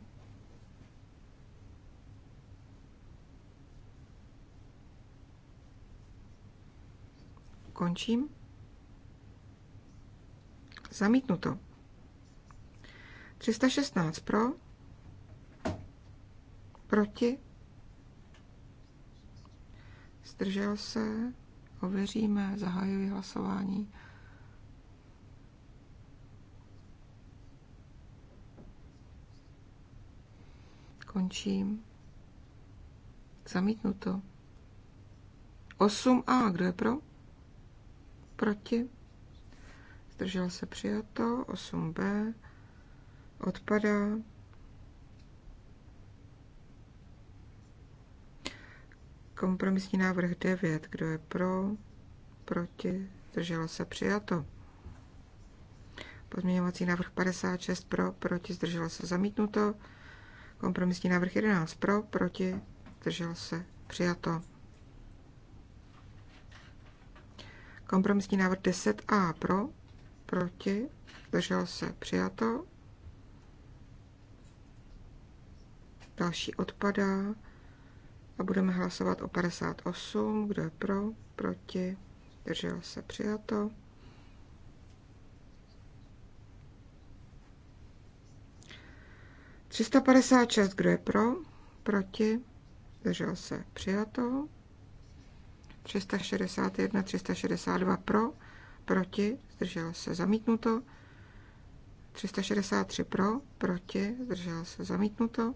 Speaker 1: Končím. Zamítnuto. 316 pro, proti, zdržel se, ověříme, zahajuji hlasování. Končím. Zamítnuto. 8a. Kdo je pro? Proti? Zdržel se přijato. 8b. Odpadá. Kompromisní návrh 9. Kdo je pro? Proti? Zdrželo se přijato. Pozměňovací návrh 56 pro, proti zdrželo se zamítnuto. Kompromisní návrh 11 pro, proti, zdržel se, přijato. Kompromisní návrh 10a pro, proti, zdržel se, přijato. Další odpadá a budeme hlasovat o 58, kdo je pro, proti, zdržel se, přijato. 356, kdo je pro, proti, zdržel se, přijato. 361, 362 pro, proti, zdržel se, zamítnuto. 363 pro, proti, zdržel se, zamítnuto.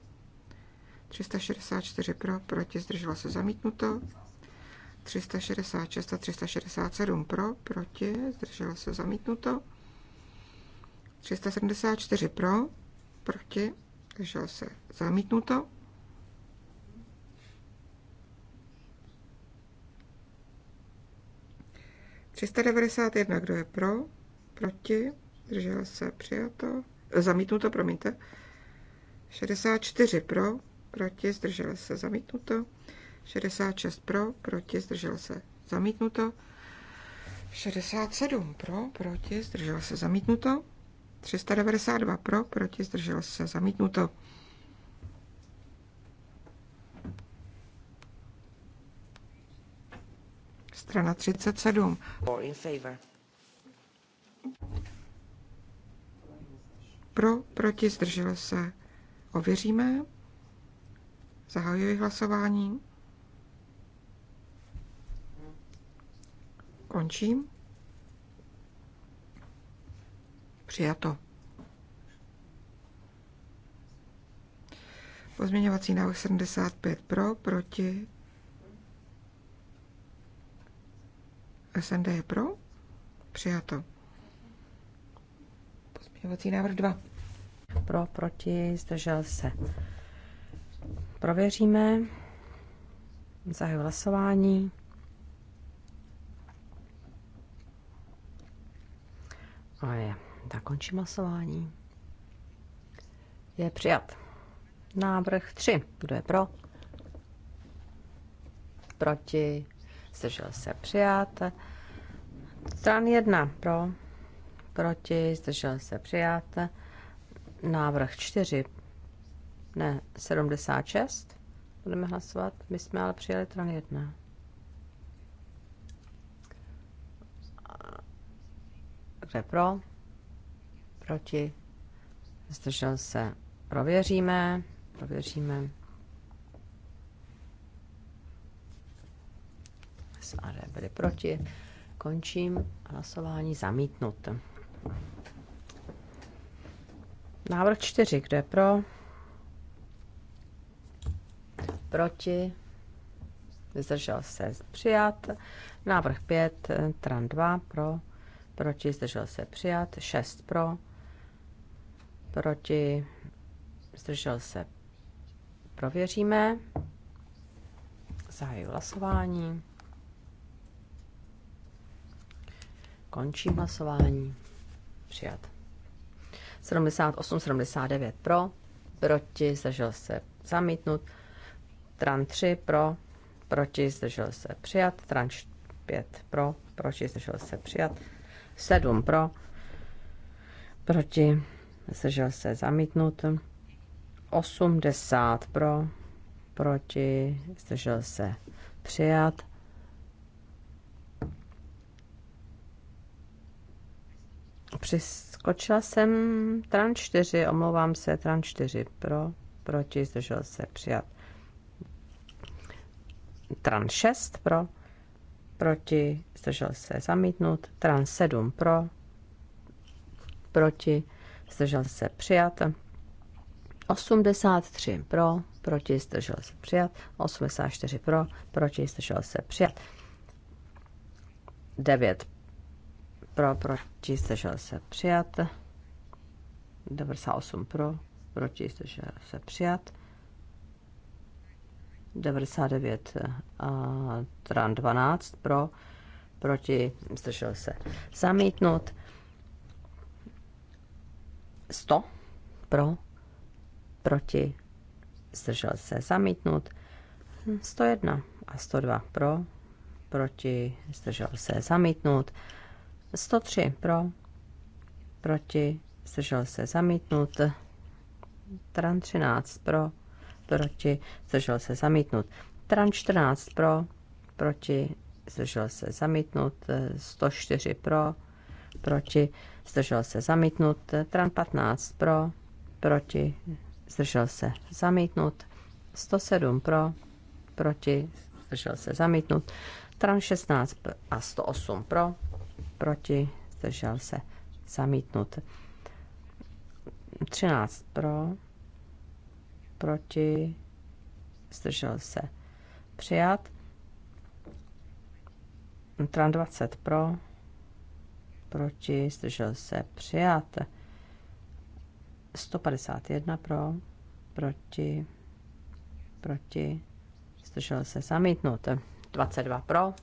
Speaker 1: 364 pro, proti, zdržel se, zamítnuto. 366 a 367 pro, proti, zdržel se, zamítnuto. 374 pro, proti, takže se zamítnuto. to. jedna, kdo je pro, proti, držel se přijato, zamítnuto, promiňte. 64 pro, proti, zdržel se zamítnuto. 66 pro, proti, zdržel se zamítnuto. 67 pro, proti, zdržel se zamítnuto. 392 pro, proti, zdržel se, zamítnuto. Strana 37. Pro, proti, zdržel se. Ověříme. Zahajuji hlasování. Končím. Přijato. Pozměňovací návrh 75 pro, proti. SND je pro. Přijato. Pozměňovací návrh 2. Pro, proti, zdržel se.
Speaker 3: Prověříme. Zahajuji hlasování. A je tak končím hlasování. Je přijat. Návrh 3. Kdo je pro? Proti? Zdržel se přijat. Stran 1. Pro? Proti? Zdržel se přijat. Návrh 4. Ne, 76. Budeme hlasovat. My jsme ale přijali stran 1. Kdo je pro? proti, zdržel se, prověříme, prověříme. SAD byli proti. Končím hlasování zamítnut. Návrh 4, kde pro? Proti. Zdržel se přijat. Návrh 5, tran 2 pro. Proti zdržel se přijat. 6 pro proti, zdržel se. Prověříme. Zahajuji hlasování. Končím hlasování. Přijat. 78, 79 pro, proti, zdržel se zamítnut. Tran 3 pro, proti, zdržel se přijat. Tran 5 pro, proti, zdržel se přijat. 7 pro, proti, zdržel se zamítnut. 80 pro, proti, zdržel se přijat. Přiskočila jsem tran 4, omlouvám se, tran 4 pro, proti, zdržel se přijat. Tran 6 pro, proti, zdržel se zamítnut. Tran 7 pro, proti, zdržel se přijat. 83 pro, proti, zdržel se přijat. 84 pro, proti, zdržel se přijat. 9 pro, proti, zdržel se přijat. 98 pro, proti, zdržel se přijat. 99 a tran 12 pro, proti, zdržel se zamítnout 100 pro, proti, zdržel se zamítnut, 101 hm, a 102 pro, proti, zdržel se zamítnut, 103 pro, proti, zdržel se zamítnut, tran 13 pro, proti, zdržel se zamítnut, tran 14 pro, proti, zdržel se zamítnut, 104 pro, proti, zdržel se zamítnut, Trump 15 pro, proti, zdržel se zamítnut, 107 pro, proti, zdržel se zamítnut, Trump 16 a 108 pro, proti, zdržel se zamítnut, 13 pro, proti, zdržel se přijat, tran 20 pro, proti, zdržel se přijat. 151 pro, proti, proti, zdržel se zamítnut. 22 pro,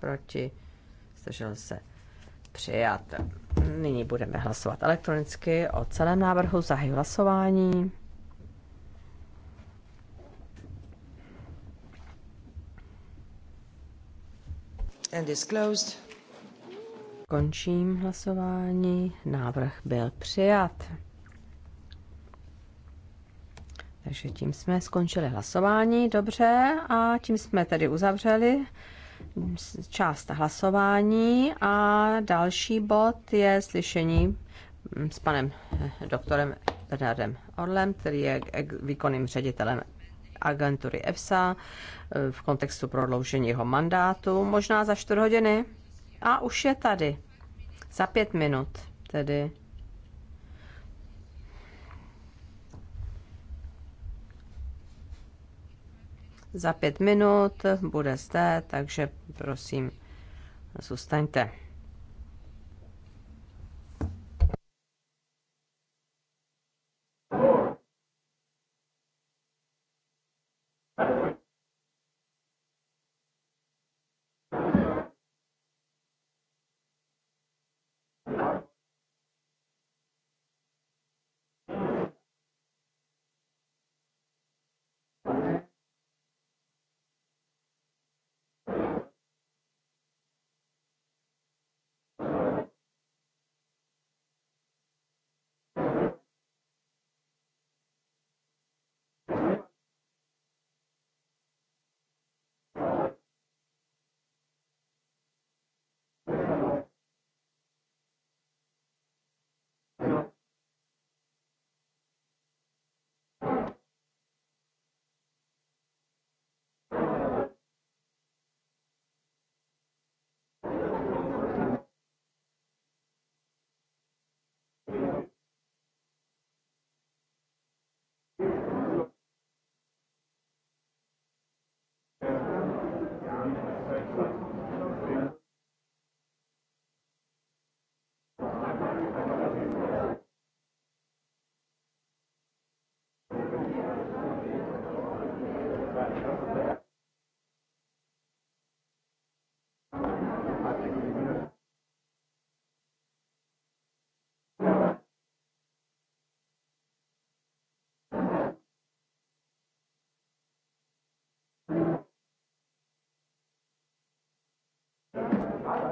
Speaker 3: proti, zdržel se přijat. Nyní budeme hlasovat elektronicky o celém návrhu. Zahy hlasování.
Speaker 1: And is closed
Speaker 3: Končím hlasování. Návrh byl přijat. Takže tím jsme skončili hlasování, dobře, a tím jsme tedy uzavřeli část hlasování a další bod je slyšení s panem doktorem Bernardem Orlem, který je výkonným ředitelem agentury EFSA v kontextu prodloužení jeho mandátu, možná za 4 hodiny. A už je tady. Za pět minut tedy. Za pět minut bude zde, takže prosím, zůstaňte.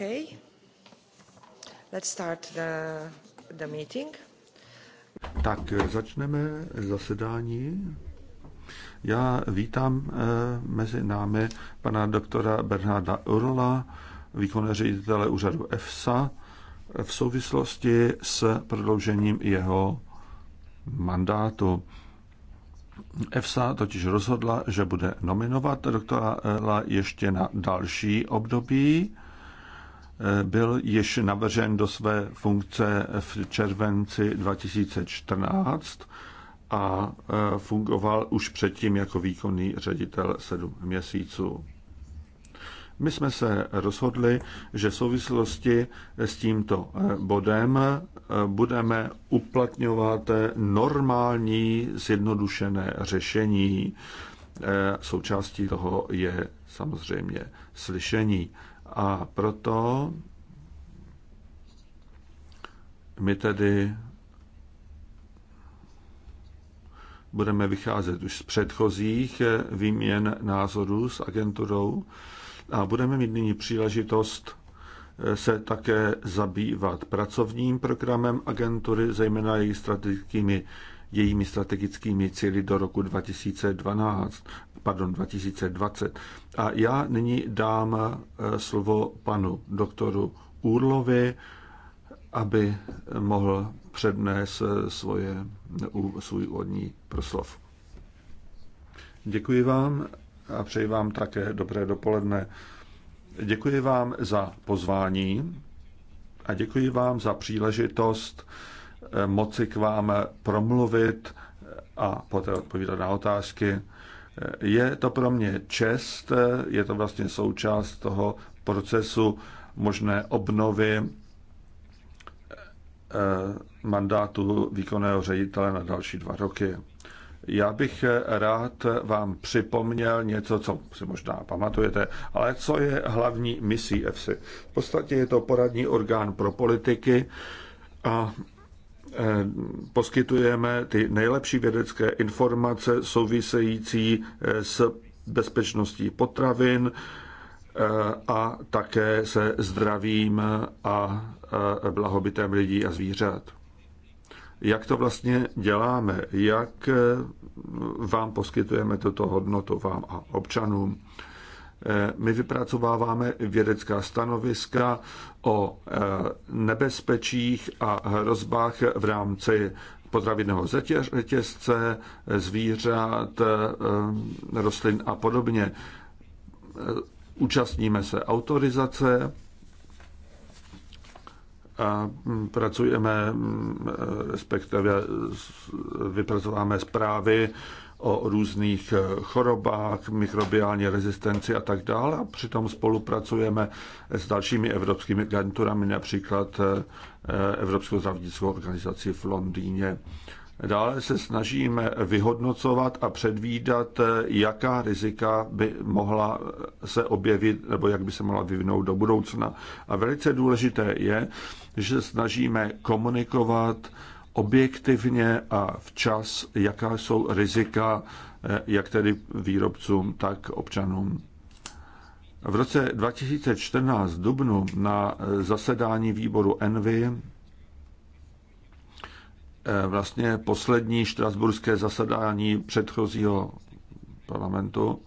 Speaker 1: Okay. Let's start the, the meeting.
Speaker 2: Tak začneme zasedání. Já vítám eh, mezi námi pana doktora Bernarda Urla, výkonné ředitele úřadu EFSA, v souvislosti s prodloužením jeho mandátu. EFSA totiž rozhodla, že bude nominovat doktora Ela ještě na další období byl již navržen do své funkce v červenci 2014 a e, fungoval už předtím jako výkonný ředitel sedm měsíců. My jsme se rozhodli, že v souvislosti s tímto e, bodem e, budeme uplatňovat normální zjednodušené řešení, E, součástí toho je samozřejmě slyšení. A proto my tedy budeme vycházet už z předchozích e, výměn názorů s agenturou a budeme mít nyní příležitost e, se také zabývat pracovním programem agentury, zejména její strategickými jejími strategickými cíly do roku 2012, pardon, 2020. A já nyní dám eh, slovo panu doktoru Úrlovi, aby mohl přednést eh, svoje, svůj úvodní proslov. Děkuji vám a přeji vám také dobré dopoledne. Děkuji vám za pozvání a děkuji vám za příležitost Eh, moci k vám promluvit a poté odpovídat na otázky. Eh, je to pro mě čest, eh, je to vlastně součást toho procesu možné obnovy mandátu výkonného ředitele na další dva roky. Já bych rád vám připomněl něco, co si možná pamatujete, ale co je hlavní misí EFSI. V podstatě je to poradní orgán pro politiky a Eh, poskytujeme ty nejlepší vědecké informace související eh, s bezpečností potravin eh, a také se zdravím a blahobytem lidí a zvířat. Jak to vlastně děláme? Jak vám poskytujeme tuto hodnotu vám a občanům? Eh, my vypracováváme vědecká stanoviska o eh, nebezpečích a hrozbách v rámci potravinného řetězce, zvířat, eh, rostlin a podobně. Účastníme se autorizace, a hm, pracujeme, hm, respektive vypracováme zprávy o různých eh, chorobách, mikrobiální rezistenci a tak dále. A přitom spolupracujeme s dalšími evropskými agenturami, například eh, eh, Evropskou zdravotnickou organizaci v Londýně. Dále se snažíme vyhodnocovat a předvídat, jaká rizika by mohla se objevit nebo jak by se mohla vyvinout do budoucna. A velice důležité je, že se snažíme komunikovat objektivně a včas, jaká jsou rizika eh, jak tedy výrobcům, tak občanům. V roce 2014 v dubnu na eh, zasedání výboru Envy eh, vlastně poslední štrasburské zasedání předchozího parlamentu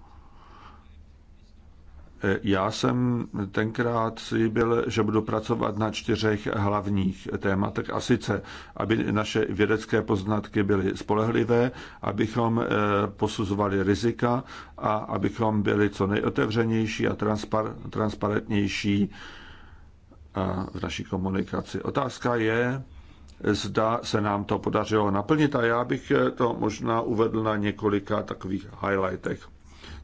Speaker 2: já jsem tenkrát slíbil, že budu pracovat na čtyřech hlavních tématech a sice, aby naše vědecké poznatky byly spolehlivé, abychom eh, posuzovali rizika a abychom byli co nejotevřenější a transpar- transparentnější eh, v naší komunikaci. Otázka je, zda se nám to podařilo naplnit a já bych to možná uvedl na několika takových highlightech.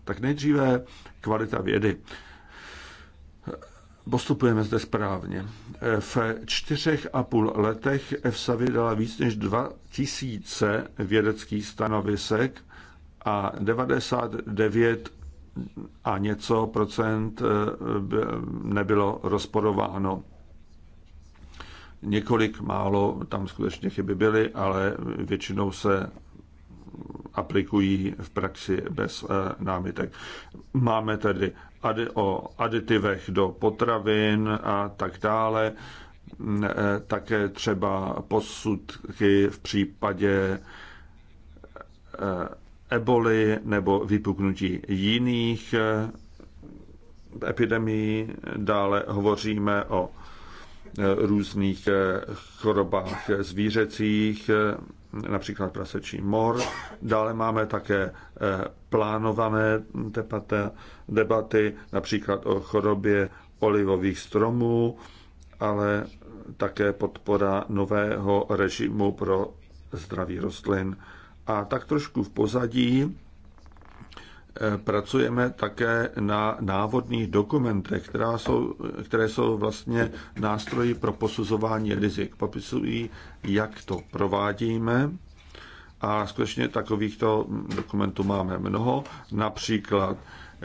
Speaker 2: Tak nejdříve kvalita vědy. Postupujeme zde správně. V čtyřech a půl letech EFSA vydala víc než 2000 vědeckých stanovisek a 99 a něco procent eh, nebylo rozporováno. Několik málo tam skutečně chyby byly, ale většinou se aplikují v praxi bez eh, námitek. Máme tedy o aditivech do potravin a tak dále, eh, také třeba posudky v případě eh, eboli nebo vypuknutí jiných epidemií. Dále hovoříme o různých chorobách zvířecích, například prasečí mor. Dále máme také eh, plánované debaty, například o chorobě olivových stromů, ale také podpora nového režimu pro zdraví rostlin. A tak trošku v pozadí pracujeme také na návodných dokumentech, která jsou, které jsou vlastně nástroji pro posuzování rizik. Popisují, jak to provádíme. A skutečně takovýchto dokumentů máme mnoho. Například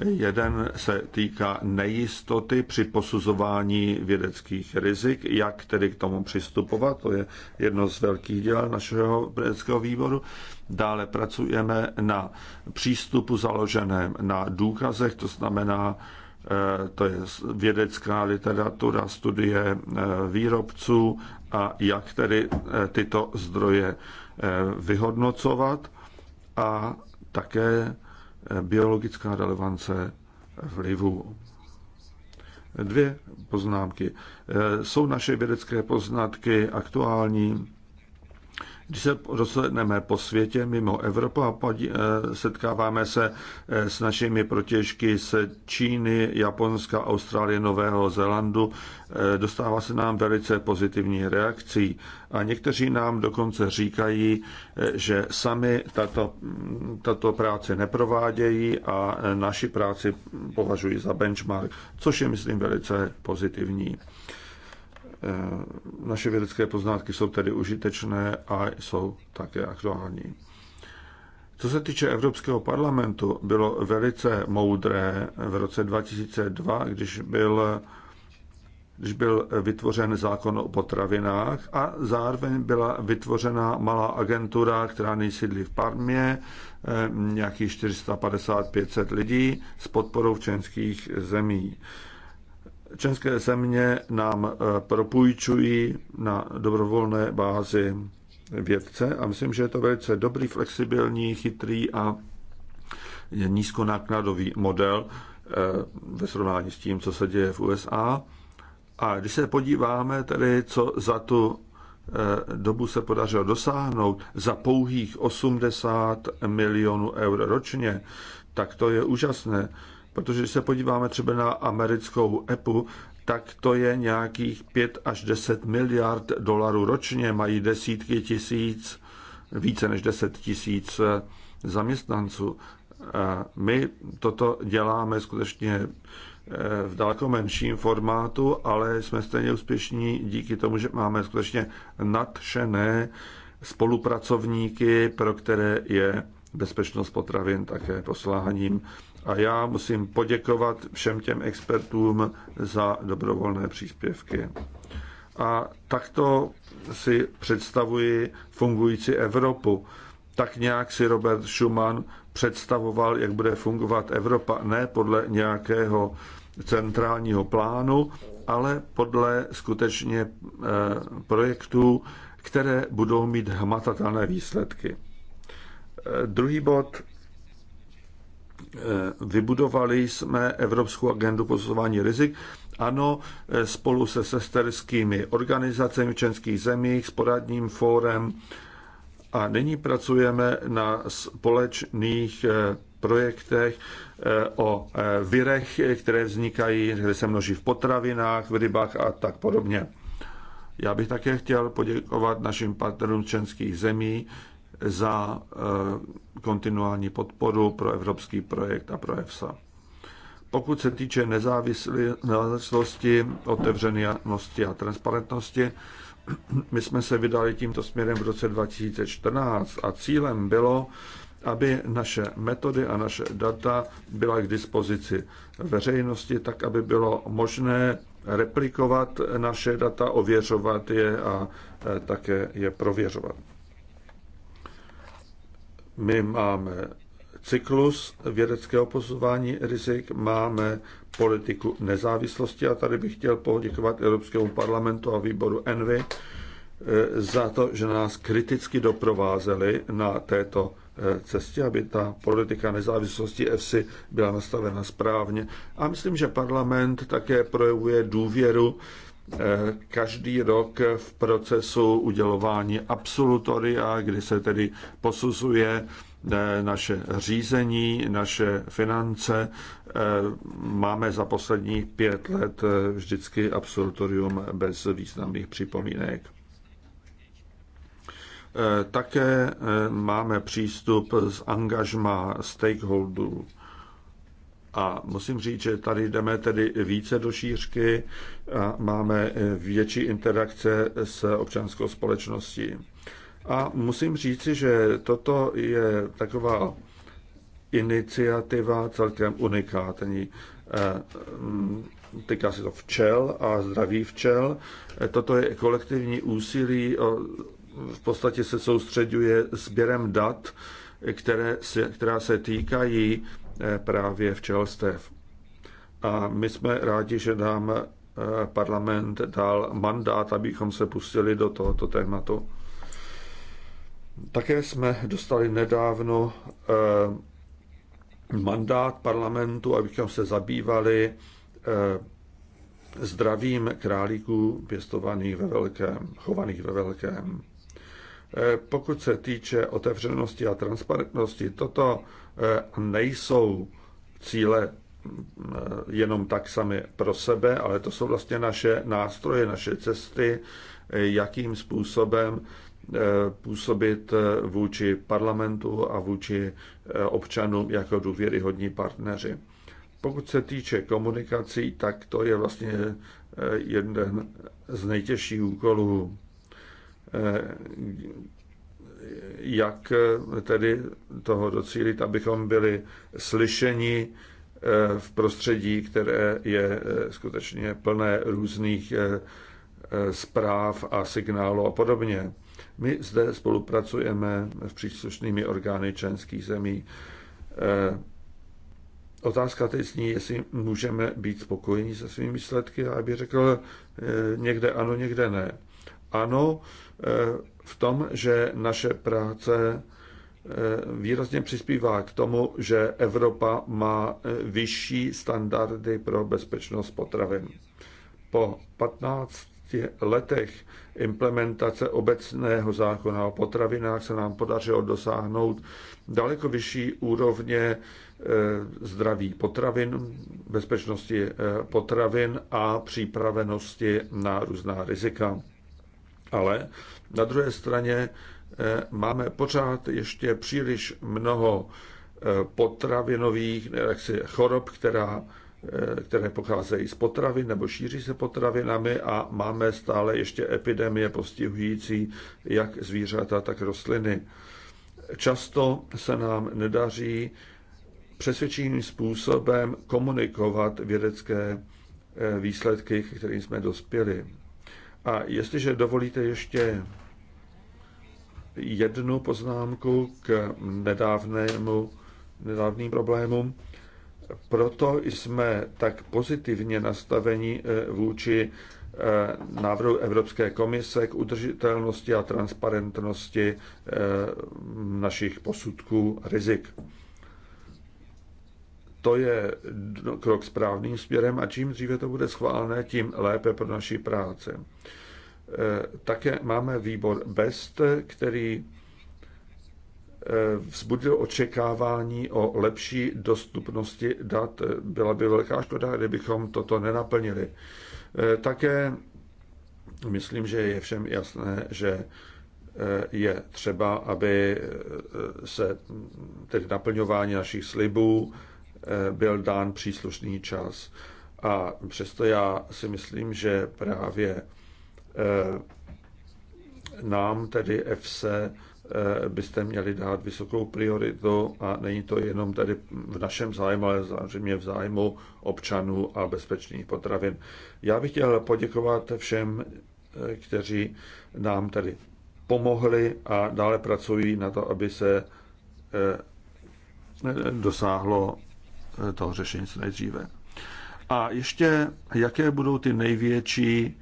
Speaker 2: Jeden se týká nejistoty při posuzování vědeckých rizik, jak tedy k tomu přistupovat, to je jedno z velkých děl našeho vědeckého výboru. Dále pracujeme na přístupu založeném na důkazech, to znamená, eh, to je vědecká literatura, studie eh, výrobců a jak tedy eh, tyto zdroje vyhodnocovat a také Eh, biologická relevance vlivu. Dvě poznámky. Eh, jsou naše vědecké poznatky aktuální? Když se rozhledneme po světě mimo Evropu a eh, setkáváme se eh, s našimi protěžky z Číny, Japonska, Austrálie, Nového Zélandu, eh, dostává se nám velice pozitivní reakcí. A někteří nám dokonce říkají, že sami tato, mm, tato práci neprovádějí a naši práci považují za benchmark, což je, myslím, velice pozitivní. Eh, naše vědecké poznatky jsou tedy užitečné a jsou také aktuální. Co se týče Evropského parlamentu, bylo velice moudré v roce 2002, když byl, když byl vytvořen zákon o potravinách a zároveň byla vytvořena malá agentura, která nejsídlí v Parmě, eh, nějakých 450-500 lidí s podporou v členských zemí. České země nám eh, propůjčují na dobrovolné bázi vědce a myslím, že je to velice dobrý, flexibilní, chytrý a nízkonákladový model eh, ve srovnání s tím, co se děje v USA. A když se podíváme tedy, co za tu eh, dobu se podařilo dosáhnout za pouhých 80 milionů eur ročně, tak to je úžasné. Protože když se podíváme třeba na americkou EPU, tak to je nějakých 5 až 10 miliard dolarů ročně. Mají desítky tisíc, více než 10 tisíc eh, zaměstnanců. Eh, my toto děláme skutečně eh, v daleko menším formátu, ale jsme stejně úspěšní díky tomu, že máme skutečně nadšené spolupracovníky, pro které je bezpečnost potravin také posláním. A já musím poděkovat všem těm expertům za dobrovolné příspěvky. A takto si představuji fungující Evropu. Tak nějak si Robert Schuman představoval, jak bude fungovat Evropa, ne podle nějakého centrálního plánu, ale podle skutečně eh, projektů, které budou mít hmatatelné výsledky. Eh, druhý bod Eh, vybudovali jsme Evropskou agendu posuzování rizik. Ano, eh, spolu se sesterskými organizacemi v českých zemích, s poradním fórem. A nyní pracujeme na společných eh, projektech o virech, které vznikají, které se množí v potravinách, v rybách a tak podobně. Já bych také chtěl poděkovat našim partnerům z členských zemí, za eh, kontinuální podporu pro evropský projekt a pro EFSA. Pokud se týče nezávislosti, otevřenosti a transparentnosti, my jsme se vydali tímto směrem v roce 2014 a cílem bylo, aby naše metody a naše data byla k dispozici veřejnosti, tak aby bylo možné replikovat naše data, ověřovat je a eh, také je prověřovat. My máme cyklus vědeckého posuzování rizik, máme politiku nezávislosti a tady bych chtěl poděkovat Evropskému parlamentu a výboru Envy eh, za to, že nás kriticky doprovázeli na této eh, cestě, aby ta politika nezávislosti EFSI byla nastavena správně. A myslím, že parlament také projevuje důvěru Eh, každý rok v procesu udělování absolutoria, kdy se tedy posuzuje eh, naše řízení, naše finance. Eh, máme za posledních pět let vždycky absolutorium bez významných připomínek. Také máme přístup z angažma stakeholderů a musím říct, že tady jdeme tedy více do šířky a máme větší interakce s občanskou společností. A musím říci, že toto je taková iniciativa celkem unikátní. Eh, mm, týká se to včel a zdraví včel. Toto je kolektivní úsilí, v podstatě se soustředuje sběrem dat, které se, která se týkají E, právě v Čelstev. A my jsme rádi, že nám e, parlament dal mandát, abychom se pustili do tohoto tématu. Také jsme dostali nedávno e, mandát parlamentu, abychom se zabývali zdravím králíků pěstovaných ve velkém, chovaných ve velkém. Pokud se týče otevřenosti a transparentnosti, toto E, nejsou cíle e, jenom tak sami pro sebe, ale to jsou vlastně naše nástroje, naše cesty, e, jakým způsobem působit vůči parlamentu a vůči občanům jako důvěryhodní partneři. Pokud se týče komunikací, tak to je vlastně jeden z nejtěžších úkolů jak eh, tedy toho docílit, abychom byli slyšeni eh, v prostředí, které je eh, skutečně plné různých zpráv a signálů a podobně. My zde spolupracujeme s příslušnými orgány členských zemí. Otázka teď zní, jestli můžeme být spokojeni se svými výsledky. Já bych řekl, někde ano, někde ne. Ano, v tom, že naše práce eh, výrazně přispívá k tomu, že Evropa má eh, vyšší standardy pro bezpečnost potravin. Po 15 letech implementace obecného zákona o potravinách se nám podařilo dosáhnout daleko vyšší úrovně eh, zdraví potravin, bezpečnosti potravin a přípravenosti na různá rizika. Ale na druhé straně eh, máme pořád ještě příliš mnoho eh, potravinových jaksi, chorob, která, eh, které pocházejí z potravin nebo šíří se potravinami a máme stále ještě epidemie postihující jak zvířata, tak rostliny. Často se nám nedaří přesvědčivým způsobem komunikovat vědecké výsledky, kterým jsme dospěli. A jestliže dovolíte ještě jednu poznámku k nedávnému, nedávným problémům. Proto jsme tak pozitivně nastaveni eh, vůči eh, návrhu Evropské komise k udržitelnosti a transparentnosti eh, našich posudků rizik. To je krok správným směrem a čím dříve to bude schválené, tím lépe pro naši práci. Eh, také máme výbor BEST, který eh, vzbudil očekávání o lepší dostupnosti dat. Byla by velká škoda, kdybychom toto nenaplnili. Eh, také myslím, že je všem jasné, že je třeba, aby se tedy naplňování našich slibů byl dán příslušný čas. A přesto já si myslím, že právě Eh, nám, tedy EFSE, eh, byste měli dát vysokou prioritu a není to jenom tedy v našem zájmu, ale samozřejmě v zájmu občanů a bezpečných potravin. Já bych chtěl poděkovat všem, eh, kteří nám tedy pomohli a dále pracují na to, aby se dosáhlo toho řešení co nejdříve. A ještě, jaké budou ty největší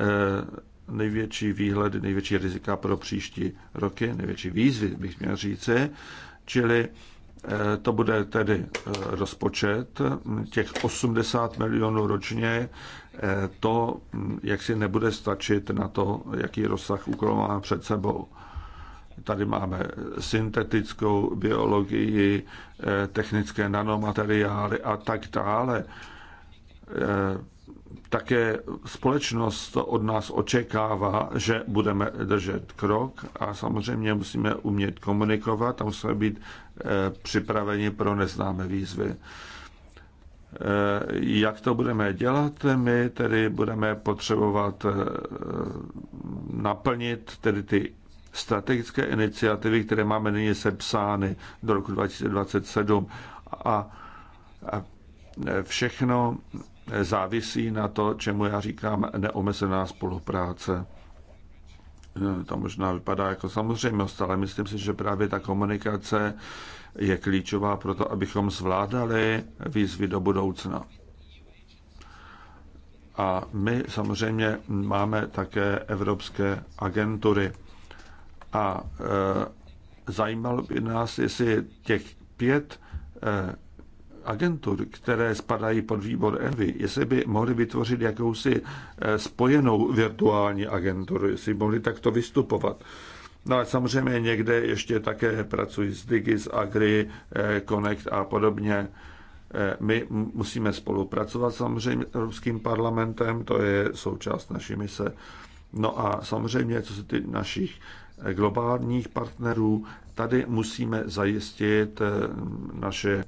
Speaker 2: Eh, největší výhledy, největší rizika pro příští roky, největší výzvy, bych měl říci, čili eh, to bude tedy eh, rozpočet těch 80 milionů ročně. To hm, jaksi nebude stačit na to, jaký rozsah úkolů máme před sebou. Tady máme syntetickou biologii, technické nanomateriály a tak dále také společnost od nás očekává, že budeme držet krok a samozřejmě musíme umět komunikovat a musíme být eh, připraveni pro neznámé výzvy. Eh, jak to budeme dělat? My tedy budeme potřebovat eh, naplnit tedy ty strategické iniciativy, které máme nyní sepsány do roku 2027 a všechno závisí na to, čemu já říkám neomezená spolupráce. E, to možná vypadá jako samozřejmost, ale myslím si, že právě ta komunikace je klíčová pro to, abychom zvládali výzvy do budoucna. A my samozřejmě máme také evropské agentury. A e, zajímalo by nás, jestli těch pět e, agentur, které spadají pod výbor Envy, jestli by mohli vytvořit jakousi eh, spojenou virtuální agenturu, jestli by mohli takto vystupovat. No ale samozřejmě někde ještě také pracují s Digis, Agri, eh, Connect a podobně. Eh, my musíme spolupracovat samozřejmě s Evropským parlamentem, to je součást naší mise. No a samozřejmě, co se ty našich globálních partnerů, tady musíme zajistit naše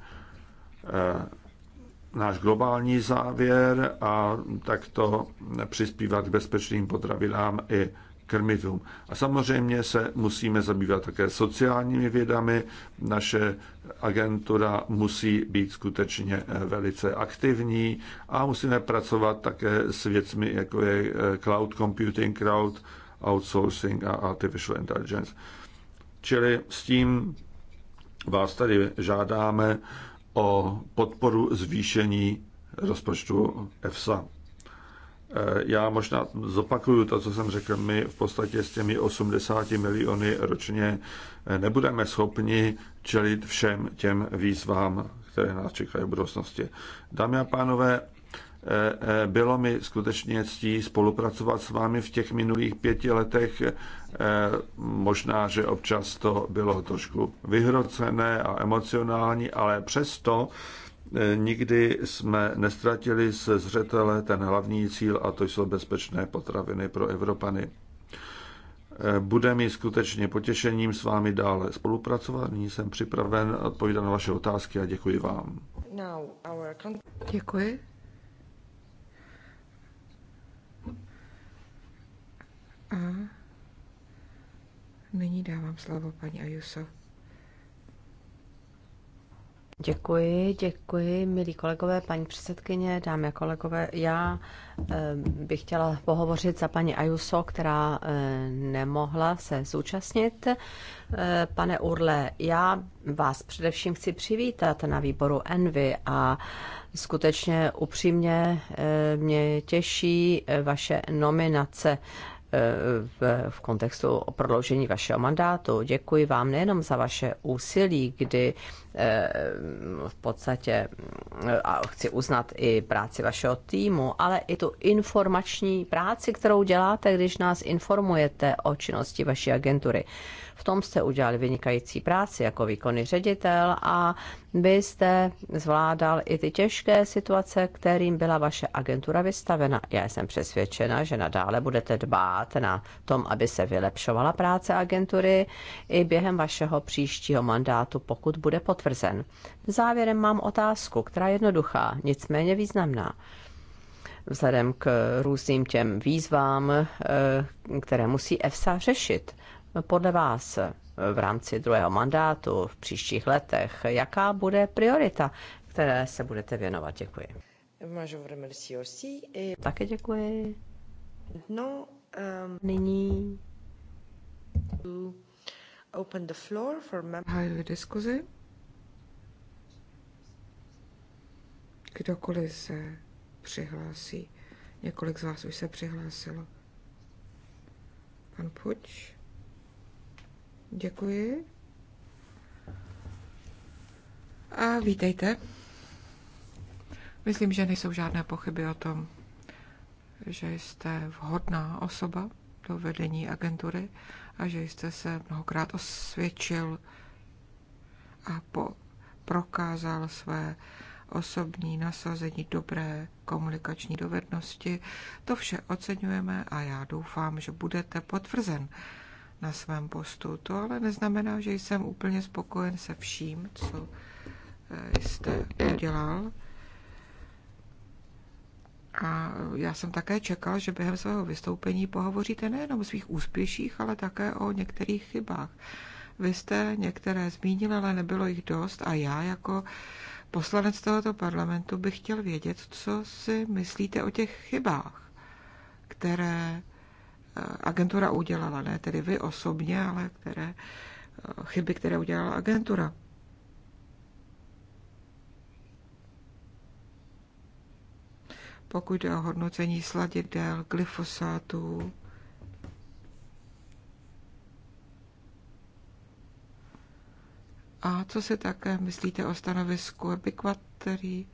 Speaker 2: Eh, náš globální závěr a takto přispívat k bezpečným potravinám i krmivům. A samozřejmě se musíme zabývat také sociálními vědami. Naše agentura musí být skutečně eh, velice aktivní a musíme pracovat také s věcmi, jako je eh, cloud computing, cloud outsourcing a artificial intelligence. Čili s tím vás tady žádáme, o podporu zvýšení rozpočtu EFSA. E, já možná zopakuju to, co jsem řekl. My v podstatě s těmi 80 miliony ročně e, nebudeme schopni čelit všem těm výzvám, které nás čekají v budoucnosti. Dámy a pánové, bylo mi skutečně ctí spolupracovat s vámi v těch minulých pěti letech. Eh, možná, že občas to bylo trošku vyhrocené a emocionální, ale přesto eh, nikdy jsme nestratili se zřetele ten hlavní cíl a to jsou bezpečné potraviny pro Evropany. Eh, bude mi skutečně potěšením s vámi dále spolupracovat. Nyní jsem připraven odpovídat na vaše otázky a děkuji vám.
Speaker 1: Děkuji. A nyní dávám slovo paní Ajuso.
Speaker 3: Děkuji, děkuji, milí kolegové, paní předsedkyně, dámy a kolegové. Já eh, bych chtěla pohovořit za paní Ajuso, která eh, nemohla se zúčastnit. Eh, pane Urle, já vás především chci přivítat na výboru Envy a skutečně upřímně mě těší vaše nominace Eh, v, v kontextu o prodloužení vašeho mandátu. Děkuji vám nejenom za vaše úsilí, kdy Eh, v podstatě eh, a chci uznat i práci vašeho týmu, ale i tu informační práci, kterou děláte, když nás informujete o činnosti vaší agentury. V tom jste udělali vynikající práci jako výkonný ředitel a vy jste zvládal i ty těžké situace, kterým byla vaše agentura vystavena. Já jsem přesvědčena, že nadále budete dbát na tom, aby se vylepšovala práce agentury i během vašeho příštího mandátu, pokud bude potřeba potvrzen. Závěrem mám otázku, která je jednoduchá, nicméně významná. Vzhledem k různým těm výzvám, eh, které musí EFSA řešit. Podle vás eh, v rámci druhého mandátu v příštích letech, jaká bude priorita, které se budete věnovat? Děkuji.
Speaker 1: Také děkuji. No, um, Nyní open the floor for diskusy. Kdokoliv se přihlásí. Několik z vás už se přihlásilo. Pan Puč. Děkuji. A vítejte. Myslím, že nejsou žádné pochyby o tom, že jste vhodná osoba do vedení agentury a že jste se mnohokrát osvědčil a po, prokázal své osobní nasazení, dobré komunikační dovednosti. To vše oceňujeme a já doufám, že budete potvrzen na svém postu. To ale neznamená, že jsem úplně spokojen se vším, co eh, jste udělal. A já jsem také čekal, že během svého vystoupení pohovoříte nejenom o svých úspěších, ale také o některých chybách. Vy jste některé zmínil, ale nebylo jich dost a já jako poslanec tohoto parlamentu bych chtěl vědět, co si myslíte o těch chybách, které eh, agentura udělala, ne tedy vy osobně, ale které, eh, chyby, které udělala agentura. Pokud jde o hodnocení sladidel, glyfosátů, A co si také myslíte o stanovisku Epikvat, který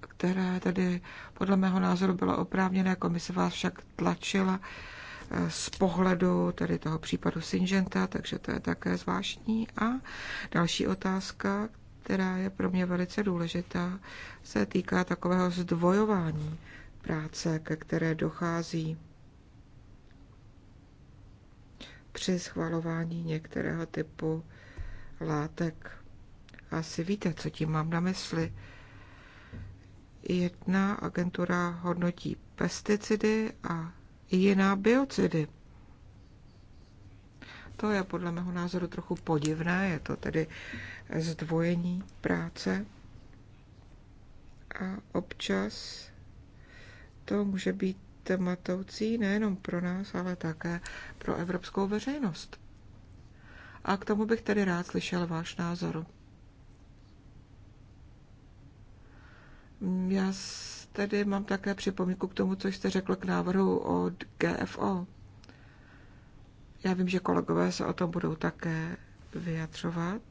Speaker 1: které tedy podle mého názoru bylo oprávněné, komise vás však tlačila eh, z pohledu tedy toho případu Syngenta, takže to je také zvláštní. A další otázka, která je pro mě velice důležitá, se týká takového zdvojování práce, ke které dochází při schvalování některého typu látek. Asi víte, co tím mám na mysli. Jedna agentura hodnotí pesticidy a jiná biocidy. To je podle mého názoru trochu podivné, je to tedy zdvojení práce. A občas to může být matoucí nejenom pro nás, ale také pro evropskou veřejnost. A k tomu bych tedy rád slyšel váš názor. Já tedy mám také připomínku k tomu, co jste řekl k návrhu od GFO. Já vím, že kolegové se o tom budou také vyjadřovat.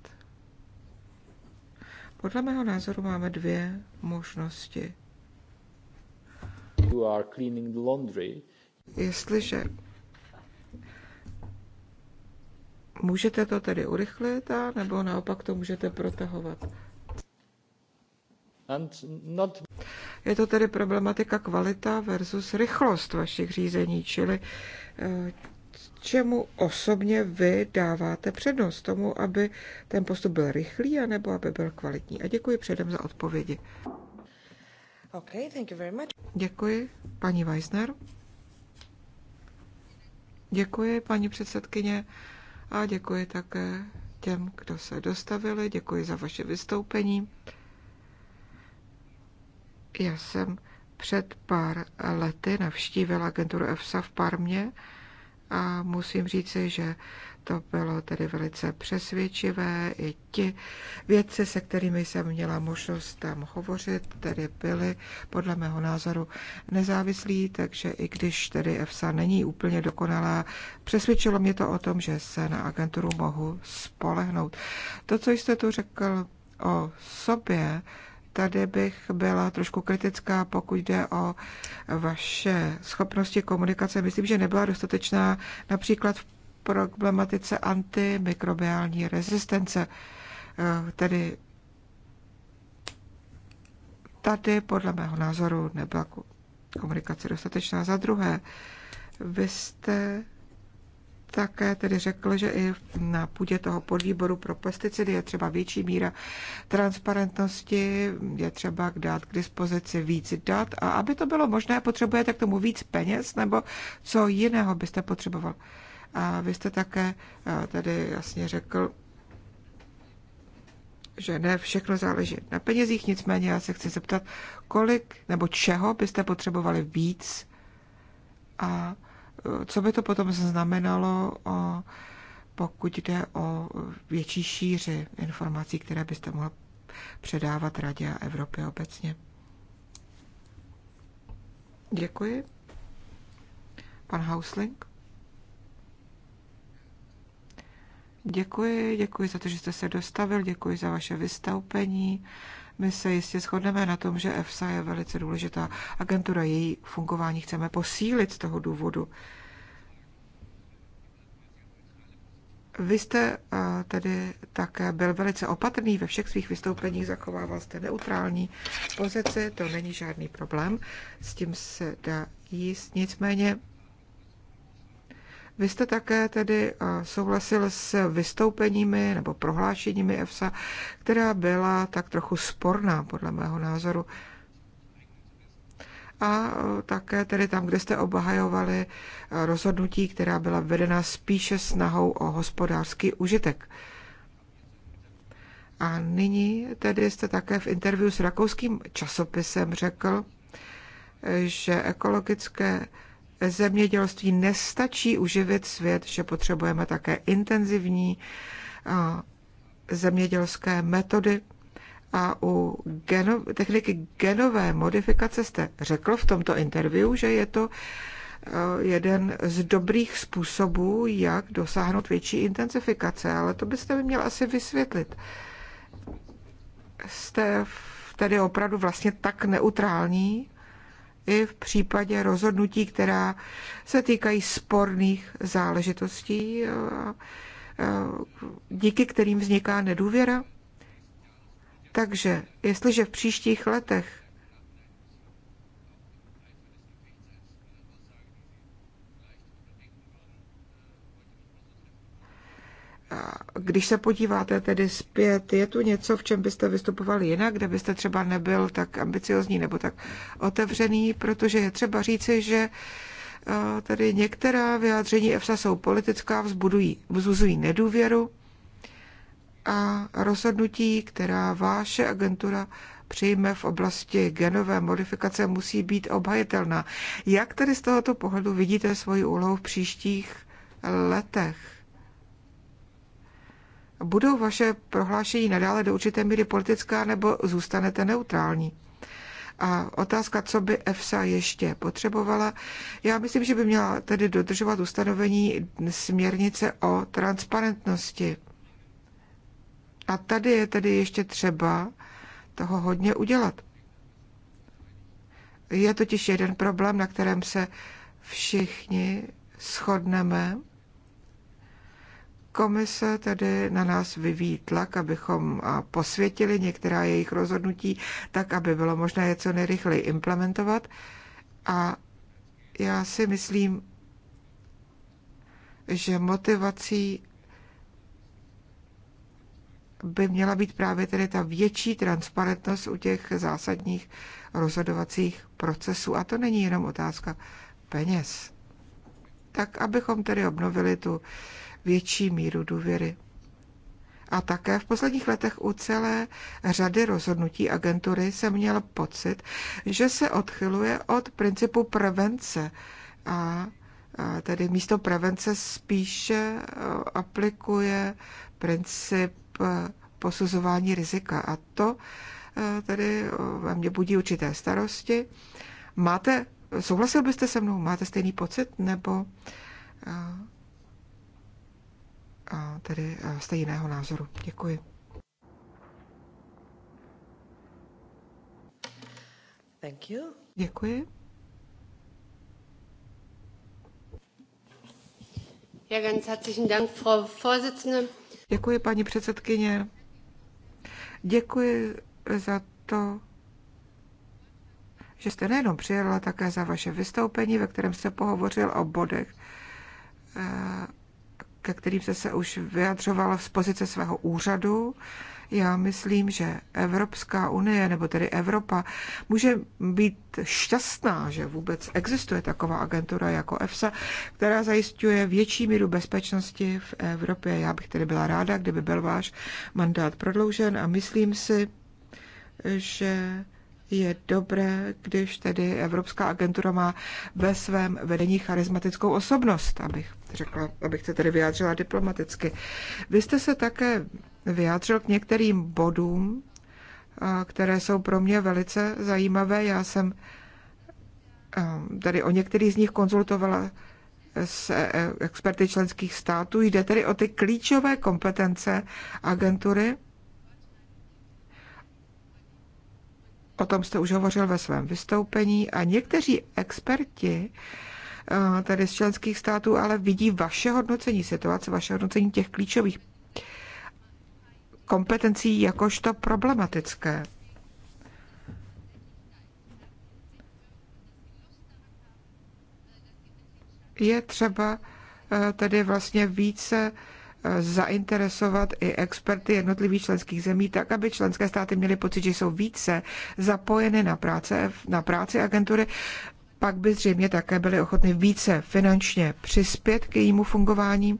Speaker 1: Podle mého názoru máme dvě možnosti
Speaker 2: you are cleaning the laundry.
Speaker 1: Jestliže můžete to tedy urychlit, a nebo naopak to můžete protahovat. Not... Je to tedy problematika kvalita versus rychlost vašich řízení, čili eh, čemu osobně vy dáváte přednost? Tomu, aby ten postup byl rychlý, anebo aby byl kvalitní? A děkuji předem za odpovědi. Okay, thank you very much. Děkuji, paní Weisner. Děkuji, paní předsedkyně, a děkuji také těm, kdo se dostavili. Děkuji za vaše vystoupení. Já jsem před pár lety navštívila agenturu EFSA v Parmě a musím říci, že to bylo tedy velice přesvědčivé. I ti věci, se kterými jsem měla možnost tam hovořit, tedy byly podle mého názoru nezávislí, takže i když tedy EFSA není úplně dokonalá, přesvědčilo mě to o tom, že se na agenturu mohu spolehnout. To, co jste tu řekl o sobě, tady bych byla trošku kritická, pokud jde o vaše schopnosti komunikace. Myslím, že nebyla dostatečná například v problematice antimikrobiální rezistence. Eh, tedy tady podle mého názoru nebyla komunikace dostatečná. Za druhé, vy jste také tedy řekl, že i na půdě toho podvýboru pro pesticidy je třeba větší míra transparentnosti, je třeba dát k dispozici víc dat a aby to bylo možné, potřebujete k tomu víc peněz nebo co jiného byste potřeboval? A vy jste také eh, tady jasně řekl, že ne všechno záleží na penězích, nicméně já se chci zeptat, kolik nebo čeho byste potřebovali víc a eh, co by to potom znamenalo, pokud jde o větší šíři informací, které byste mohla předávat Radě a Evropě obecně. Děkuji. Pan Hausling. Děkuji, děkuji za to, že jste se dostavil, děkuji za vaše vystoupení. My se jistě shodneme na tom, že EFSA je velice důležitá agentura, její fungování chceme posílit z toho důvodu. Vy jste tedy také byl velice opatrný ve všech svých vystoupeních, zachovával jste neutrální pozici, to není žádný problém, s tím se dá jíst. Nicméně vy jste také tedy eh, souhlasil s vystoupeními nebo prohlášeními EFSA, která byla tak trochu sporná, podle mého názoru. A eh, také tedy tam, kde jste obhajovali eh, rozhodnutí, která byla vedena spíše snahou o hospodářský užitek. A nyní tedy jste také v interview s rakouským časopisem řekl, že ekologické zemědělství nestačí uživit svět, že potřebujeme také intenzivní zemědělské metody. A u geno, techniky genové modifikace jste řekl v tomto interview, že je to jeden z dobrých způsobů, jak dosáhnout větší intenzifikace, ale to byste mi měl asi vysvětlit. Jste tedy opravdu vlastně tak neutrální? i v případě rozhodnutí, která se týkají sporných záležitostí, eh, díky kterým vzniká nedůvěra. Takže jestliže v příštích letech když se podíváte tedy zpět, je tu něco, v čem byste vystupovali jinak, kde byste třeba nebyl tak ambiciozní nebo tak otevřený, protože je třeba říci, že eh, tady některá vyjádření EFSA jsou politická, vzbudují, vzuzují nedůvěru a rozhodnutí, která váše agentura přijme v oblasti genové modifikace, musí být obhajitelná. Jak tedy z tohoto pohledu vidíte svoji úlohu v příštích letech? Budou vaše prohlášení nadále do určité míry politická nebo zůstanete neutrální? A otázka, co by EFSA ještě potřebovala, já myslím, že by měla tedy dodržovat ustanovení směrnice o transparentnosti. A tady je tedy ještě třeba toho hodně udělat. Je totiž jeden problém, na kterém se všichni shodneme, Komise tedy na nás vyvíjí tlak, abychom posvětili některá jejich rozhodnutí, tak aby bylo možné je co nejrychleji implementovat. A já si myslím, že motivací by měla být právě tedy ta větší transparentnost u těch zásadních rozhodovacích procesů. A to není jenom otázka peněz. Tak abychom tedy obnovili tu větší míru důvěry. A také v posledních letech u celé řady rozhodnutí agentury se měl pocit, že se odchyluje od principu prevence a tedy místo prevence spíše e, aplikuje princip e, posuzování rizika. A to e, tedy ve mně budí určité starosti. Máte, souhlasil byste se mnou, máte stejný pocit, nebo tedy e, jste jiného názoru. Děkuji. Thank you. Děkuji.
Speaker 3: Ja, ganz herzlichen Dank, Frau Vorsitzende.
Speaker 1: Děkuji, paní předsedkyně. Děkuji za to, že jste nejenom přijela, také za vaše vystoupení, ve kterém jste pohovořil o bodech, e, ke kterým jste se už vyjadřoval z pozice svého úřadu. Já myslím, že Evropská unie, nebo tedy Evropa, může být šťastná, že vůbec existuje taková agentura jako EFSA, která zajišťuje větší míru bezpečnosti v Evropě. Já bych tedy byla ráda, kdyby byl váš mandát prodloužen a myslím si, že je dobré, když tedy Evropská agentura má ve svém vedení charismatickou osobnost, abych řekla, abych se tedy vyjádřila diplomaticky. Vy jste se také vyjádřil k některým bodům, které jsou pro mě velice zajímavé. Já jsem tady o některých z nich konzultovala s e, e, experty členských států. Jde tedy o ty klíčové kompetence agentury. O tom jste už hovořil ve svém vystoupení a někteří experti Eh, tady z členských států, ale vidí vaše hodnocení situace, vaše hodnocení těch klíčových kompetencí jakožto problematické. Je třeba eh, tedy vlastně více eh, zainteresovat i experty jednotlivých členských zemí tak, aby členské státy měly pocit, že jsou více zapojeny na, práce, na práci agentury pak by zřejmě také byly ochotny více finančně přispět k jejímu fungování.